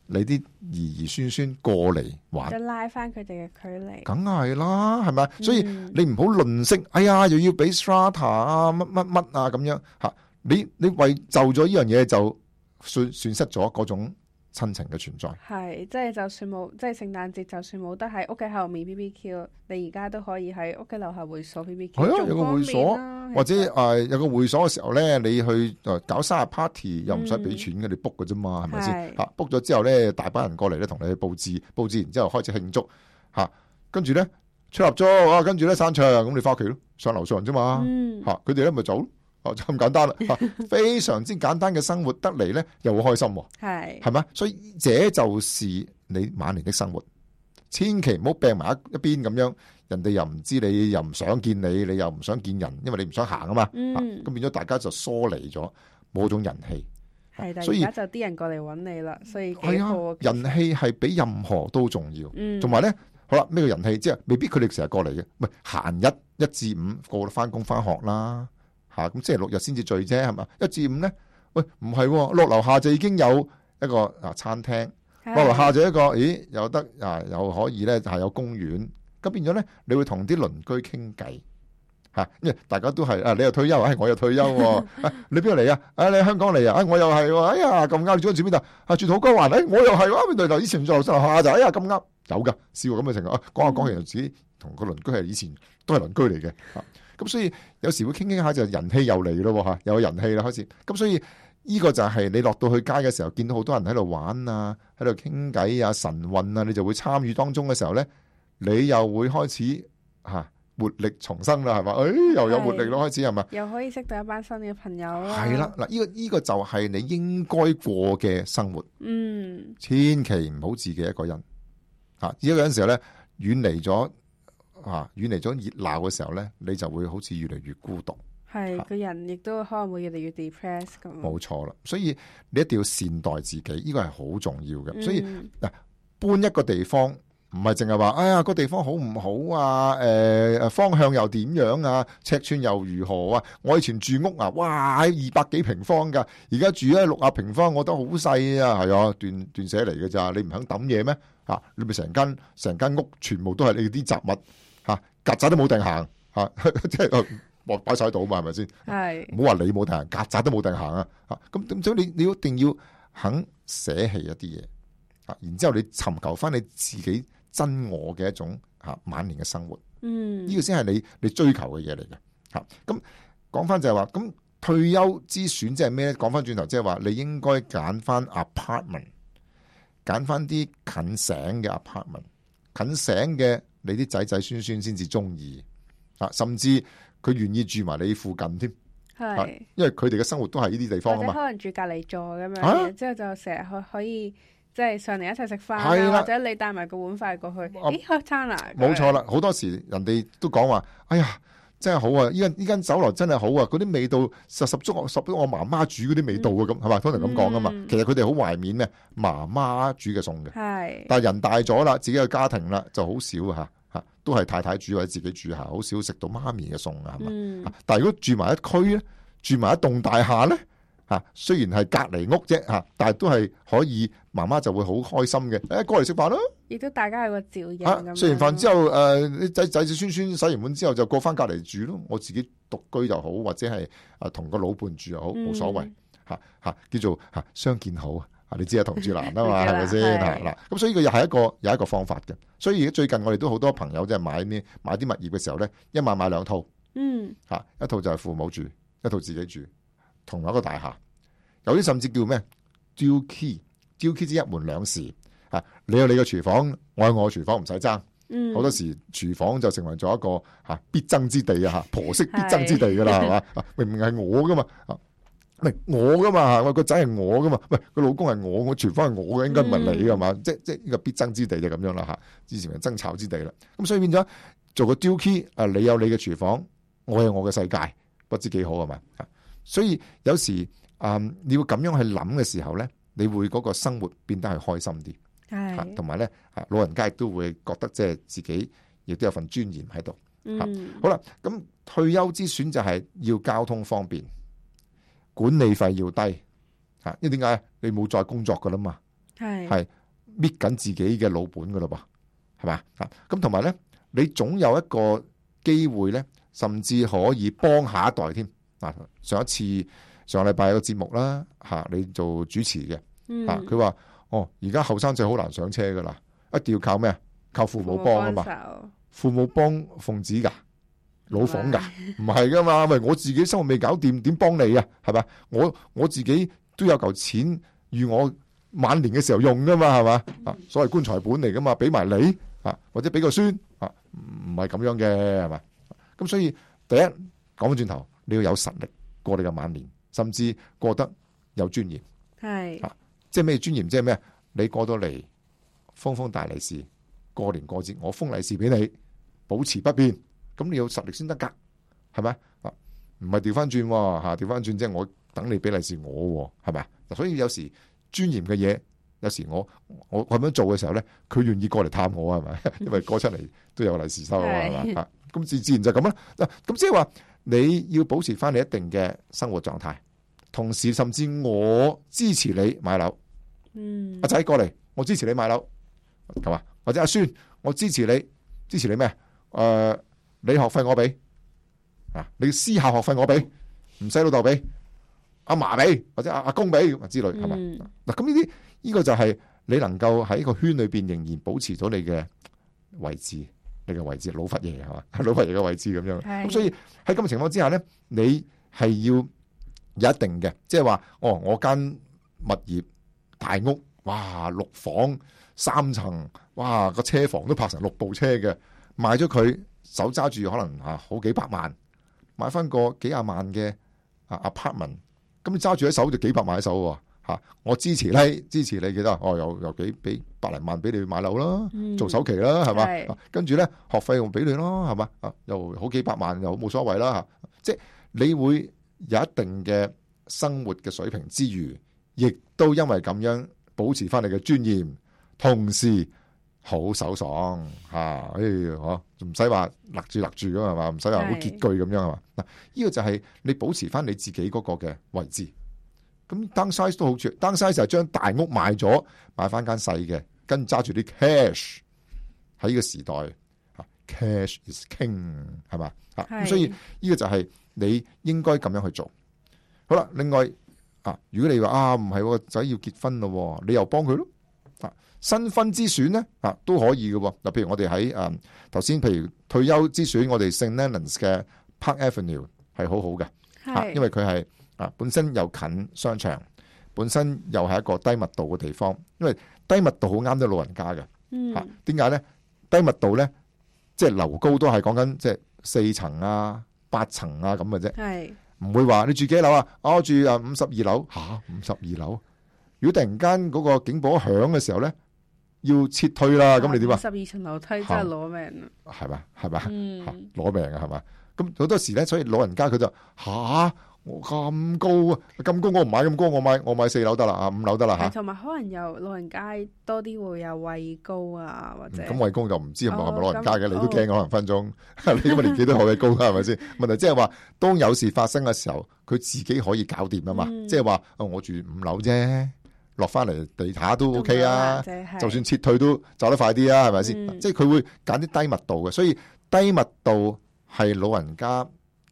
你啲兒兒孫孫過嚟玩，就拉翻佢哋嘅距離，梗係啦，係咪、嗯？所以你唔好吝嗇，哎呀，又要俾 strata 啊，乜乜乜啊咁樣嚇，你你為就咗呢樣嘢就損損失咗嗰種。親情嘅存在係，即係、就是、就算冇，即、就、係、是、聖誕節就算冇得喺屋企後面 BBQ，你而家都可以喺屋企樓下會所 BBQ。係咯，有個會所或者誒、呃、有個會所嘅時候咧，你去誒、呃、搞生日 party 又唔使俾錢嘅、嗯，你 book 嘅啫嘛，係咪先？嚇 book 咗之後咧，大班人過嚟咧，同你去佈置佈置，然之後開始慶祝嚇，跟住咧，吹蠟燭，啊，跟住咧，散場，咁你翻屋企咯，上樓上啫嘛，嚇佢哋咧咪走。哦、啊、咁簡單啦、啊，非常之簡單嘅生活 得嚟咧，又會開心喎、啊。係係嘛，所以這就是你晚年的生活。千祈唔好病埋一一邊咁樣，人哋又唔知你，又唔想見你，你又唔想見人，因為你唔想行啊嘛。嗯，咁、啊、變咗大家就疏離咗，冇種人氣。係、啊，所以而家就啲人過嚟揾你啦。所以啊，人氣係比任何都重要。同埋咧，好啦，咩叫人氣？即係未必佢哋成日過嚟嘅，唔係閒一一至五過翻工翻學啦。吓，咁即係六日先至聚啫，係嘛？一至五咧，喂，唔係六樓下就已經有一個啊餐廳，六樓下就一個，咦，有得啊，又可以咧，係、啊、有公園。咁變咗咧，你會同啲鄰居傾偈吓，因、啊、為大家都係啊，你又退休，哎，我又退休，你邊度嚟啊？哎、啊，你香港嚟啊？哎，我又係，哎呀咁啱，你住邊度？啊，住土瓜灣，哎，我又係喎。邊、哎、度以前住樓下就，哎呀咁啱，有噶，試過咁嘅情況啊，講下講下又自己同個鄰居係以前都係鄰居嚟嘅。啊咁所以有時會傾傾下就人氣又嚟咯吓，又有人氣啦開始。咁所以呢個就係你落到去街嘅時候，見到好多人喺度玩啊，喺度傾偈啊，神運啊，你就會參與當中嘅時候咧，你又會開始吓、啊、活力重生啦，係嘛？誒、哎，又有活力咯，開始係嘛？又可以識到一班新嘅朋友啦。係啦，嗱、這個，呢個呢個就係你應該過嘅生活。嗯，千祈唔好自己一個人。吓、啊，呢、這個時候咧，遠離咗。啊，遠離咗熱鬧嘅時候咧，你就會好似越嚟越孤獨。係，個、啊、人亦都可能會越嚟越 depress 咁、啊。冇錯啦，所以你一定要善待自己，呢個係好重要嘅。嗯、所以嗱、啊，搬一個地方唔係淨係話，哎呀、個地方好唔好啊？誒、呃，方向又點樣啊？尺寸又如何啊？我以前住屋啊，哇，二百幾平方噶，而家住咧六啊平方，我都好細啊，係啊，斷捨離嚟嘅咋？你唔肯抌嘢咩？啊，你咪成間成間屋全部都係你啲雜物。曱甴都冇埞行，吓，即係擺晒喺度嘛，係咪先？係，唔好話你冇埞行，曱甴都冇埞行啊！吓，咁點咗你？你一定要肯捨棄一啲嘢，吓，然之後你尋求翻你自己真我嘅一種吓晚年嘅生活。嗯，呢個先係你你追求嘅嘢嚟嘅。吓，咁講翻就係話，咁退休之選即係咩咧？講翻轉頭，即係話你應該揀翻 apartment，揀翻啲近醒嘅 apartment，近醒嘅。你啲仔仔孫孫先至中意啊，甚至佢願意住埋你附近添，係，因為佢哋嘅生活都係呢啲地方啊嘛，或者可能住隔離座咁樣嘅、啊、之後就成日可可以即係、就是、上嚟一齊食飯啦、啊，或者你帶埋個碗筷過去，啊、咦，開餐啦，冇錯啦，好多時人哋都講話，哎呀。真係好啊！依間依間酒樓真係好啊！嗰啲味道實十足，十足我媽媽煮嗰啲味道啊！咁係嘛？通常咁講噶嘛、嗯。其實佢哋好懷念咧，媽媽煮嘅餸嘅。係。但係人大咗啦，自己嘅家庭啦，就好少嚇嚇，都係太太煮或者自己煮下，好少食到媽咪嘅餸啊，係嘛、嗯？但係如果住埋一區咧，住埋一棟大廈咧。吓，雖然係隔籬屋啫吓，但係都係可以，媽媽就會好開心嘅。誒，過嚟食飯咯，亦都大家有個照應。食完飯之後，誒、呃，仔仔子孫孫洗完碗之後就過翻隔籬住咯。我自己獨居又好，或者係啊同個老伴住又好，冇所謂。吓、嗯、吓、啊、叫做吓相見好啊！你知同住 是是啊，同住難啊嘛，係咪先？嗱嗱，咁所以佢又係一個有一個方法嘅。所以而家最近我哋都好多朋友即係買啲買啲物業嘅時候咧，一晚買兩套。嗯、吓、啊、一套就係父母住，一套自己住。同一個大廈，有啲甚至叫咩？Duke Duke 之一門兩事。啊！你有你嘅廚房，我有我嘅廚房，唔使爭。好、嗯、多時廚房就成為咗一個嚇必爭之地啊！嚇婆媳必爭之地噶啦，係嘛？明明係我噶嘛啊？唔係我噶嘛？喂，個仔係我噶嘛？喂，個老公係我，我廚房係我嘅，應該唔係你噶嘛？即即呢個必爭之地就咁樣啦嚇。之前係 爭，爭吵之地啦，咁所以變咗做個 Duke 啊！你有你嘅廚房，我有我嘅世界，不知幾好啊嘛！所以有時啊，你要咁樣去諗嘅時候咧，你會嗰個生活變得係開心啲，係同埋咧，老人家亦都會覺得即係自己亦都有份尊嚴喺度。嗯、啊、好啦，咁退休之選就係要交通方便，管理費要低吓、啊。因為點解你冇再工作噶啦嘛，係搣緊自己嘅老本噶啦噃，係嘛啊？咁同埋咧，你總有一個機會咧，甚至可以幫下一代添。上一次上禮拜有個節目啦，吓，你做主持嘅，吓，佢話哦，而家後生仔好難上車噶啦，一定要靠咩啊？靠父母幫啊嘛，父母幫奉旨噶老房噶，唔係噶嘛？ 喂，我自己生活未搞掂，點幫你啊？係咪？我我自己都有嚿錢，預我晚年嘅時候用噶嘛？係、嗯、嘛？啊，所謂棺材本嚟噶嘛，俾埋你啊，或者俾個孫啊，唔係咁樣嘅係嘛？咁所以第一講翻轉頭。你要有實力過你嘅晚年，甚至過得有尊嚴。係啊，即係咩尊嚴？即係咩？你過到嚟，封封大利是，過年過節我封利是俾你，保持不變。咁你要實力先得噶，係咪？唔係調翻轉，調翻轉即係我等你俾利是我，係咪？所以有時尊嚴嘅嘢，有時我我咁樣做嘅時候咧，佢願意過嚟探我，係咪？因為過出嚟都有利是收啊嘛，啊！咁自自然就咁啦。嗱，咁即係話。你要保持翻你一定嘅生活狀態，同時甚至我支持你買樓。嗯，阿仔過嚟，我支持你買樓，係嘛？或者阿孫，我支持你，支持你咩？誒、呃，你學費我俾，啊，你私校學費我俾，唔使老豆俾，阿嫲俾、或者阿阿公俾之類係嘛？嗱，咁呢啲呢個就係你能夠喺個圈裏邊仍然保持咗你嘅位置。你嘅位置老佛爺，係嘛？老佛爺嘅位置咁樣咁，所以喺咁嘅情況之下咧，你係要有一定嘅，即係話哦，我間物業大屋哇六房三層哇個車房都泊成六部車嘅，賣咗佢手揸住可能吓好幾百萬，買翻個幾廿萬嘅啊 apartment，咁你揸住喺手就幾百萬喺手喎。吓，我支持你，支持你幾多？哦，又又俾幾百零萬俾你買樓啦、嗯，做首期啦，係嘛？跟住咧，學費用俾你咯，係嘛？啊，又好幾百萬又冇所謂啦，即係你會有一定嘅生活嘅水平之餘，亦都因為咁樣保持翻你嘅尊嚴，同時好手爽吓、啊，哎呀唔使話勒住勒住咁係嘛，唔使話好拮據咁樣係嘛。嗱，呢個就係你保持翻你自己嗰個嘅位置。咁 downsize 都好處，downsize 就將大屋賣咗，買翻間細嘅，跟揸住啲 cash 喺呢個時代，cash is king 係嘛啊，咁所以呢個就係你應該咁樣去做。好啦，另外啊，如果你話啊唔係個仔要結婚咯、哦，你又幫佢咯，新、啊、婚之選咧啊都可以嘅、哦。嗱、啊，譬如我哋喺誒頭先，啊、譬如退休之選，我哋聖奈蘭斯嘅 Park Avenue 係好好嘅、啊，因為佢係。啊，本身又近商場，本身又係一個低密度嘅地方，因為低密度好啱啲老人家嘅。嗯，點解咧？低密度咧，即係樓高都係講緊即係四層啊、八層啊咁嘅啫。係唔會話你住幾樓啊，啊？我住啊五十二樓吓，五十二樓。如果突然間嗰個警報響嘅時候咧，要撤退啦，咁你點啊？五十二層樓梯真係攞命啊！係、啊、嘛，係嘛，攞、嗯啊、命啊，係嘛。咁好多時咧，所以老人家佢就吓。啊咁高啊！咁高我唔買咁高，我買我買四樓得啦，吓五樓得啦吓。同埋可能又老人家多啲會有畏高啊，或者咁、嗯、畏高就唔知係咪係咪老人家嘅、哦？你都驚可能分鐘，哦、 你咁嘅年紀都好畏高，係咪先？問題即係話，當有事發生嘅時候，佢自己可以搞掂啊嘛。即係話，我住五樓啫，落翻嚟地下都 OK 啊、就是。就算撤退都走得快啲啊，係咪先？即係佢會揀啲低密度嘅，所以低密度係老人家。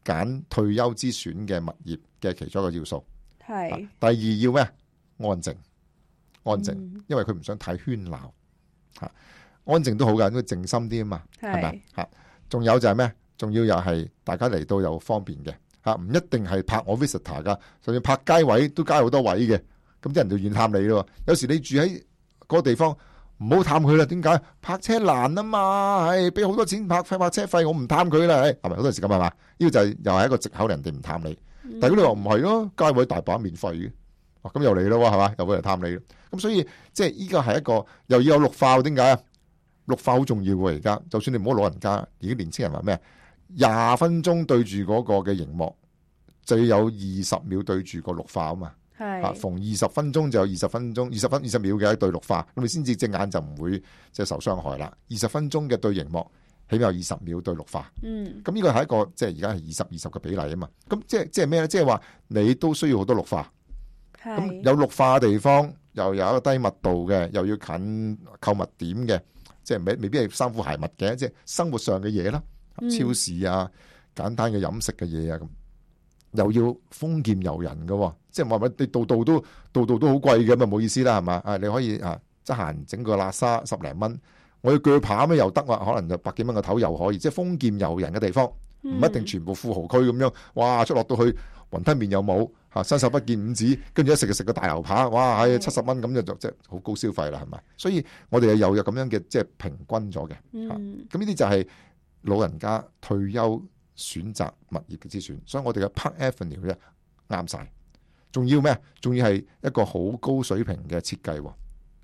揀退休之選嘅物業嘅其中一個要素係，第二要咩？安靜，安靜、嗯，因為佢唔想太喧鬧吓，安靜都好噶，應該靜心啲啊嘛，係咪吓？仲有就係咩？仲要又係大家嚟到又方便嘅吓，唔一定係拍我 visitor 噶，就算拍街位都加好多位嘅，咁啲人就怨喊你咯。有時你住喺個地方。唔好探佢啦，點解？泊車難啊嘛，係俾好多錢泊費泊車費，我唔探佢啦，係咪好多時咁啊嘛？呢、這個就係、是、又係一個藉口，人哋唔探你。嗯、但係如果你話唔係咯，街會大把免費嘅，咁、啊、又嚟咯喎，係嘛？又會嚟探你。咁所以即係依個係一個又要有綠化，點解啊？綠化好重要喎而家。就算你唔好老人家，而家年青人話咩？廿分鐘對住嗰個嘅熒幕，就要有二十秒對住個綠化啊嘛。啊，逢二十分鐘就有二十分鐘，二十分二十秒嘅對綠化，咁你先至隻眼就唔會即係、就是、受傷害啦。二十分鐘嘅對熒幕，起碼有二十秒對綠化。嗯，咁呢個係一個即係而家係二十二十嘅比例啊嘛。咁即係即係咩咧？即係話你都需要好多綠化，咁有綠化嘅地方，又有一個低密度嘅，又要近購物點嘅，即係未未必係衫褲鞋襪嘅，即、就、係、是、生活上嘅嘢啦，超市啊，簡單嘅飲食嘅嘢啊咁、嗯，又要豐儉由人嘅、啊。即係話乜？你度度都度度都好貴嘅咁啊，冇意思啦，係嘛啊？你可以啊，得閒整個叻沙十零蚊，我要鋸扒咩又得啊？可能就百幾蚊個頭又可以，即係豐儉由人嘅地方，唔一定全部富豪區咁樣。哇！出落到去，去雲吞麵又冇嚇，伸手不見五指，跟住一食就食個大牛扒，哇！七十蚊咁就就即係好高消費啦，係咪？所以我哋又有咁樣嘅即係平均咗嘅。嗯、啊，咁呢啲就係老人家退休選擇物業嘅之選，所以我哋嘅 Park Avenue 咧啱晒。仲要咩？仲要係一個好高水平嘅設計，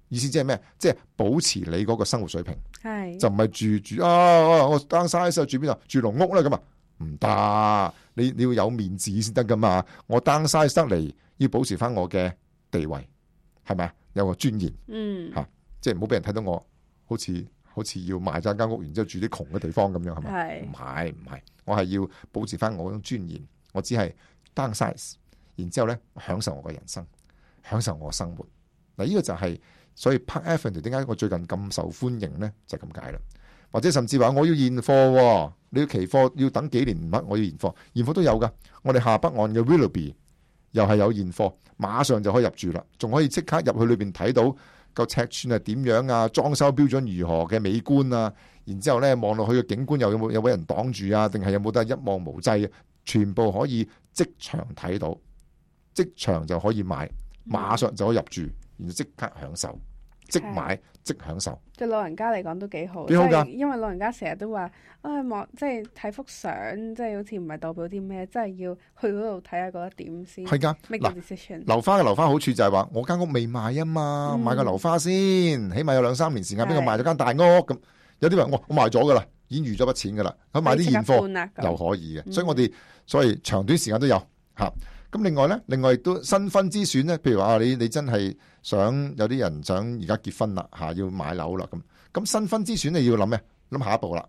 意思即係咩？即係保持你嗰個生活水平，係就唔係住住啊！我 down size 時候住邊度？住農屋啦咁啊，唔得！你你要有面子先得噶嘛！我 down size 得嚟，要保持翻我嘅地位，係咪啊？有個尊嚴，嗯吓、啊，即係唔好俾人睇到我好似好似要賣咗間屋，然之後住啲窮嘅地方咁樣，係咪？唔係唔係，我係要保持翻我種尊嚴，我只係 down size。然之後咧，享受我嘅人生，享受我嘅生活。嗱，依個就係、是、所以 perfect e。點解我最近咁受歡迎咧？就咁解啦。或者甚至話，我要現貨、哦，你要期貨，要等幾年物，我要現貨。現貨都有噶。我哋下北岸嘅 Willoughby 又係有現貨，馬上就可以入住啦。仲可以即刻入去裏邊睇到個尺寸係點樣啊？裝修標準如何嘅美觀啊？然之後咧，望落去嘅景觀又有冇有冇人擋住啊？定係有冇得一望無際、啊？全部可以即場睇到。即場就可以買，馬上就可以入住，然後即刻享受，即買即享受。對老人家嚟講都幾好，幾好噶。就是、因為老人家成日都話，啊，望即係睇幅相，即係好似唔係代表啲咩，即、就、係、是、要去嗰度睇下覺得點先。係噶，make a decision，樓花嘅樓花好處就係話，我間屋未賣啊嘛、嗯，買個樓花先，起碼有兩三年時間，俾佢賣咗間大屋咁？有啲人我我賣咗噶啦，已經預咗筆錢噶啦，佢買啲現貨又可以嘅、嗯。所以我哋所以長短時間都有吓。咁另外咧，另外亦都新婚之選咧，譬如話、啊、你你真係想有啲人想而家結婚啦，嚇要買樓啦咁，咁新婚之選你要諗咩？諗下一步啦，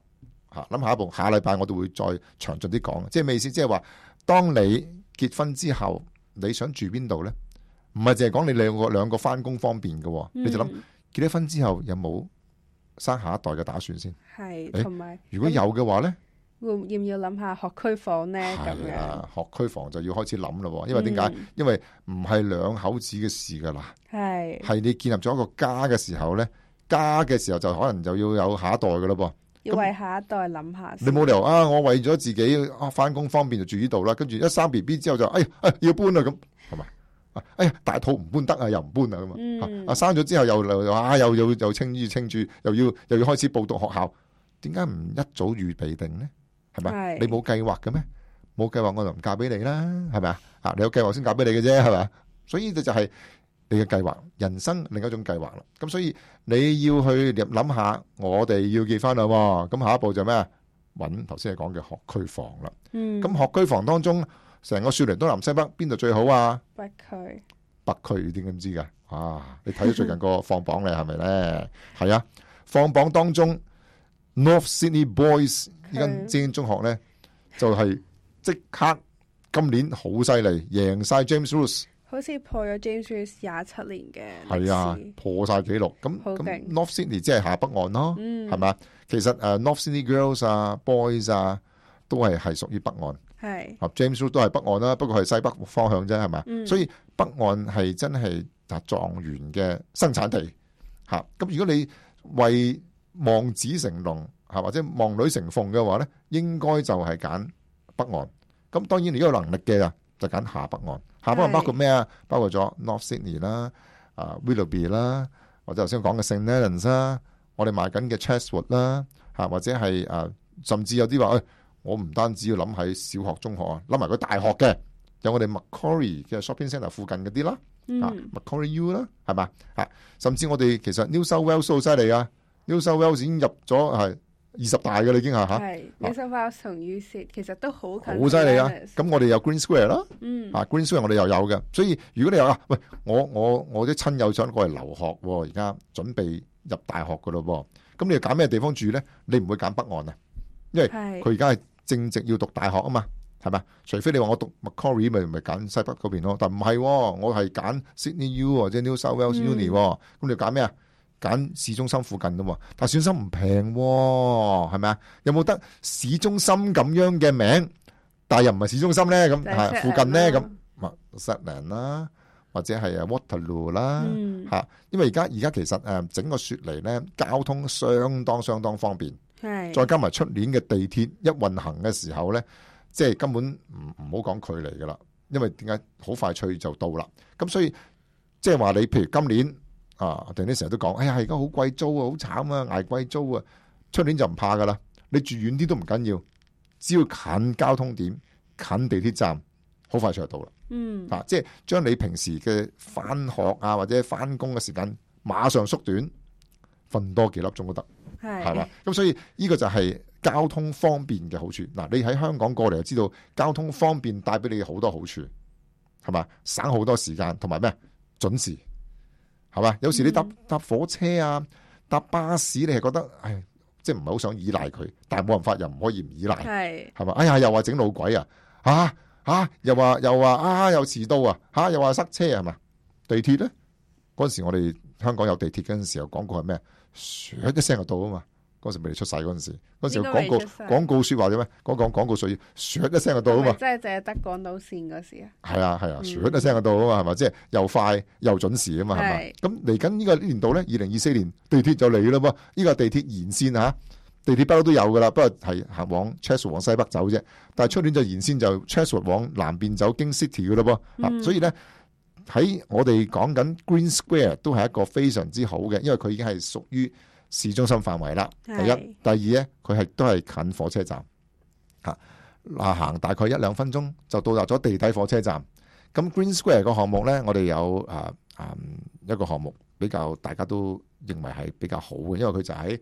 嚇諗下一步，下個禮拜我都會再詳盡啲講，即係咩意思即係話，當你結婚之後，你想住邊度咧？唔係淨係講你兩個兩個翻工方便嘅，你就諗、嗯、結咗婚之後有冇生下一代嘅打算先？係同埋如果有嘅話咧。嗯要唔要諗下學區房咧？咁樣啊，學區房就要開始諗咯，因為點解、嗯？因為唔係兩口子嘅事噶啦。係係你建立咗一個家嘅時候咧，家嘅時候就可能就要有下一代噶啦噃。要為下一代諗下。你冇理由啊！我為咗自己啊，翻工方便就住呢度啦。跟住一生 B B 之後就哎要搬啦咁，係咪？哎呀,哎呀,是是哎呀大肚唔搬得、嗯、啊,啊，又唔搬啊咁啊！啊生咗之後又又啊又又又清住清住，又要又要開始報讀學校，點解唔一早預備定呢？係咪？你冇計劃嘅咩？冇計劃我就唔嫁俾你啦，係咪啊？吓，你有計劃先嫁俾你嘅啫，係咪？所以呢就係你嘅計劃，人生另一種計劃啦。咁所以你要去諗下，我哋要結婚啦喎。咁下一步就咩？揾頭先你講嘅學區房啦。嗯。咁學區房當中，成個雪梨東南西北邊度最好啊？北區。北區你點咁知嘅？啊，你睇最近個放榜你係咪咧？係啊，放榜當中，North Sydney Boys。依家精英中學咧，就係、是、即刻今年好犀利，贏晒 James Ruse 好似破咗 James Ruse 廿七年嘅，係啊，破晒紀錄。咁咁 North Sydney 即係下北岸啦，係、嗯、嘛？其實誒，North Sydney Girls 啊，Boys 啊，都係係屬於北岸，係。啊，James Ruse 都係北岸啦，不過係西北方向啫，係嘛、嗯？所以北岸係真係啊狀元嘅生產地，吓。咁如果你為望子成龍，吓或者望女成鳳嘅話咧，應該就係揀北岸。咁當然你有能力嘅啦，就揀下北岸。下北岸包括咩啊？包括咗 North Sydney 啦、啊 Willoughby 啦，或者頭先講嘅 St Leonards 啦，我哋賣緊嘅 Chatswood 啦，吓、啊、或者係啊，甚至有啲話，誒、哎，我唔單止要諗喺小學、中學啊，諗埋佢大學嘅，有我哋 Macquarie 嘅 shopping centre 附近嗰啲啦，嗯、啊 Macquarie U 啦，係咪？吓，甚至我哋其實 New South Wales 好犀利啊，New South Wales 已經入咗係。二十大嘅已經吓吓，二十塊從雨士其實都好好犀利啊！咁、嗯、我哋有 Green Square 咯，嗯，啊 Green Square 我哋又有嘅，所以如果你話啊喂，我我我啲親友想過嚟留學，而家準備入大學嘅咯，咁你又揀咩地方住咧？你唔會揀北岸啊，因為佢而家係正值要讀大學啊嘛，係咪？除非你話我讀 Macquarie 咪唔係揀西北嗰邊咯，但唔係，我係揀 Sydney U 或者 New South Wales、嗯、Uni，咁你又揀咩啊？揀市中心附近噶嘛，但係市中心唔平喎，係咪啊？有冇得市中心咁樣嘅名，但係又唔係市中心咧？咁係附近咧？咁唔，Zetland 啦，或者係啊 Waterloo 啦，吓、嗯，因為而家而家其實誒整個雪梨咧，交通相當相當方便，係再加埋出年嘅地鐵一運行嘅時候咧，即係根本唔唔好講距離噶啦，因為點解好快脆就到啦？咁所以即係話你譬如今年。啊！我哋呢成日都講，哎呀，而家好貴租啊，好慘啊，捱貴租啊！出年就唔怕噶啦，你住遠啲都唔緊要，只要近交通點、近地鐵站，好快就到啦。嗯，啊，即係將你平時嘅翻學啊或者翻工嘅時間，馬上縮短，瞓多幾粒鐘都得，係嘛？咁所以呢個就係交通方便嘅好處。嗱、啊，你喺香港過嚟就知道，交通方便帶俾你好多好處，係嘛？省好多時間，同埋咩？準時。係嘛？有時你搭搭火車啊，搭巴士，你係覺得，唉，即係唔係好想依賴佢，但係冇辦法，又唔可以唔依賴，係嘛？哎呀，又話整路軌啊，啊啊，又話又話啊，又遲到啊，啊，又話塞車，係嘛？地鐵咧，嗰陣時我哋香港有地鐵嗰陣時候，講過係咩？響一聲就到啊嘛。嗰時未出世嗰陣時，嗰時廣告廣告說話啫咩？講講廣告，所以，唰一聲就到是是、就是、啊嘛、啊嗯！即係淨係得港島綫嗰時啊？係啊係啊，唰一聲就到啊嘛，係咪？即係又快又準時啊嘛，係咪？咁嚟緊呢個年度咧，二零二四年地鐵就嚟咯喎！呢、這個地鐵延綫吓、啊，地鐵不嬲都有噶啦，不過係行往 Chatswood 往西北走啫。但係出年就延綫就 Chatswood 往南邊走經 City 噶咯噃。所以咧喺我哋講緊 Green Square 都係一個非常之好嘅，因為佢已經係屬於。市中心範圍啦，第一，第二咧，佢係都係近火車站，嚇嗱行大概一兩分鐘就到達咗地底火車站。咁 Green Square 個項目咧，我哋有、啊嗯、一個項目比較大家都認為係比較好嘅，因為佢就喺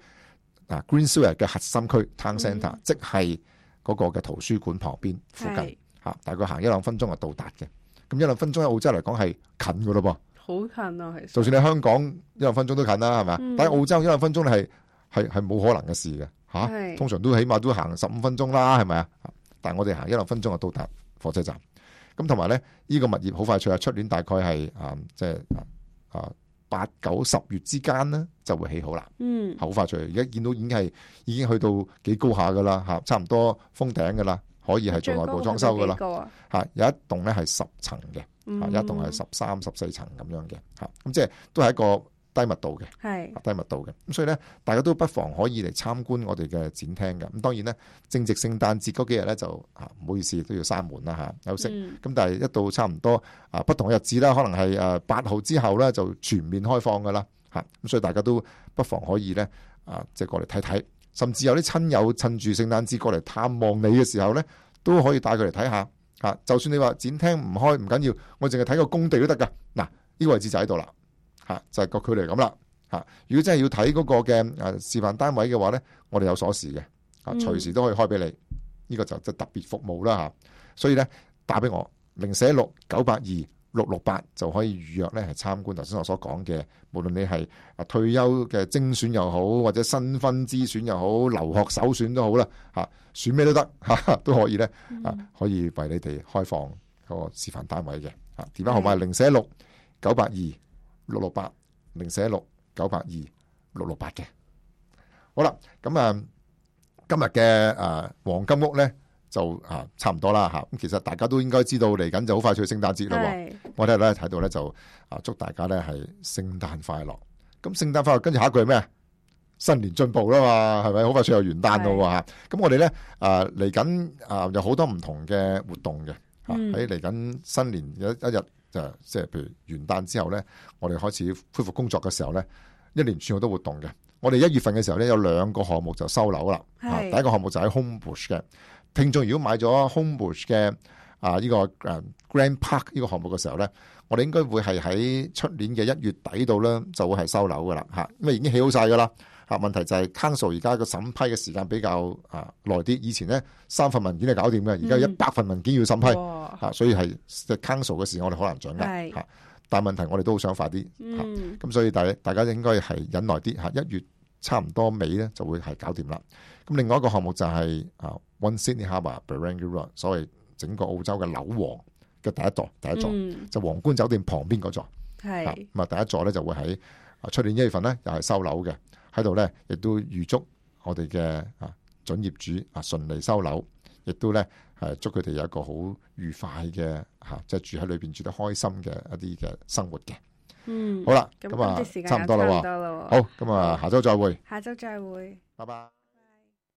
啊 Green Square 嘅核心區 Town Centre、嗯、即係嗰個嘅圖書館旁邊附近嚇大概行一兩分鐘就到達嘅。咁一兩分鐘喺澳洲嚟講係近嘅咯噃。好近咯、啊，其實就算你香港一兩分鐘都近啦，係嘛、嗯？但係澳洲一兩分鐘係係係冇可能嘅事嘅吓、啊，通常都起碼都行十五分鐘啦，係咪啊？但係我哋行一兩分鐘就到達火車站。咁同埋咧，呢、這個物業好快脆啊！出年大概係誒，即、嗯、係、就是、啊八九十月之間咧就會起好啦。嗯，好快脆。而家見到已經係已經去到幾高下噶啦吓，差唔多封頂噶啦，可以係做內部裝修噶啦。最高啊！吓、啊、有一棟咧係十層嘅。啊、嗯，一棟係十三、十四層咁樣嘅，嚇，咁即係都係一個低密度嘅，低密度嘅，咁所以咧，大家都不妨可以嚟參觀我哋嘅展廳嘅。咁當然咧，正值聖誕節嗰幾日咧就嚇，唔、啊、好意思都要閂門啦嚇、啊，休息。咁但係一到差唔多啊不同嘅日子啦，可能係誒八號之後咧就全面開放噶啦，嚇、啊。咁所以大家都不妨可以咧啊，即係過嚟睇睇，甚至有啲親友趁住聖誕節過嚟探望你嘅時候咧，都可以帶佢嚟睇下。吓，就算你話展廳唔開唔緊要，我淨係睇個工地都得噶。嗱，呢個位置就喺度啦，吓，就係個距離咁啦，吓，如果真係要睇嗰個嘅誒示範單位嘅話咧，我哋有鎖匙嘅，啊隨時都可以開俾你，呢、嗯、個就特別服務啦吓。所以咧，打俾我零寫六九八二，六六八就可以預約咧，係參觀頭先我所講嘅。無論你係啊退休嘅精選又好，或者新婚之選又好，留學首選都好啦，嚇選咩都得嚇都可以咧，啊 可，可以為你哋開放個示範單位嘅，嚇電話號碼零四六九八二六六八零四六九八二六六八嘅，好啦，咁啊今日嘅啊黃金屋咧。就啊，差唔多啦吓。咁其實大家都應該知道，嚟緊就好快出去聖誕節啦。我哋咧睇到咧就啊，祝大家咧係聖誕快樂。咁聖誕快樂，跟住下一句係咩？新年進步啦嘛，係咪？好快出去又元旦咯吓。咁我哋咧啊，嚟緊啊，有好多唔同嘅活動嘅吓。喺嚟緊新年有一日就即係，譬如元旦之後咧，我哋開始恢復工作嘅時候咧，一年仲好多活動嘅。我哋一月份嘅時候咧，有兩個項目就收樓啦。吓，第一個項目就喺 Home Bush 嘅。聽眾如果買咗 Homebush 嘅啊呢個 Grand Park 呢個項目嘅時候咧，我哋應該會係喺出年嘅一月底度咧就會係收樓噶啦嚇，咁啊已經起好晒噶啦嚇，問題就係 Council 而家個審批嘅時間比較啊耐啲，以前咧三份文件就搞掂嘅，而家有一百份文件要審批嚇、嗯，所以係 Council 嘅事我哋好難掌握嚇，但問題我哋都好想快啲嚇，咁、嗯、所以大大家應該係忍耐啲嚇一月，差唔多尾咧就會係搞掂啦。咁另外一個項目就係啊 One Sydney Harbour Barangaroo，所謂整個澳洲嘅樓王嘅第一座第一座，嗯、就皇冠酒店旁邊嗰座。係咁啊，第一座咧就會喺出年一月份咧又係收樓嘅，喺度咧亦都預祝我哋嘅啊準業主啊順利收樓，亦都咧係祝佢哋有一個好愉快嘅嚇，即係住喺裏邊住得開心嘅一啲嘅生活嘅。嗯，好啦，咁、嗯、啊，差唔多啦，好，咁啊，下周再會，下周再會，拜拜。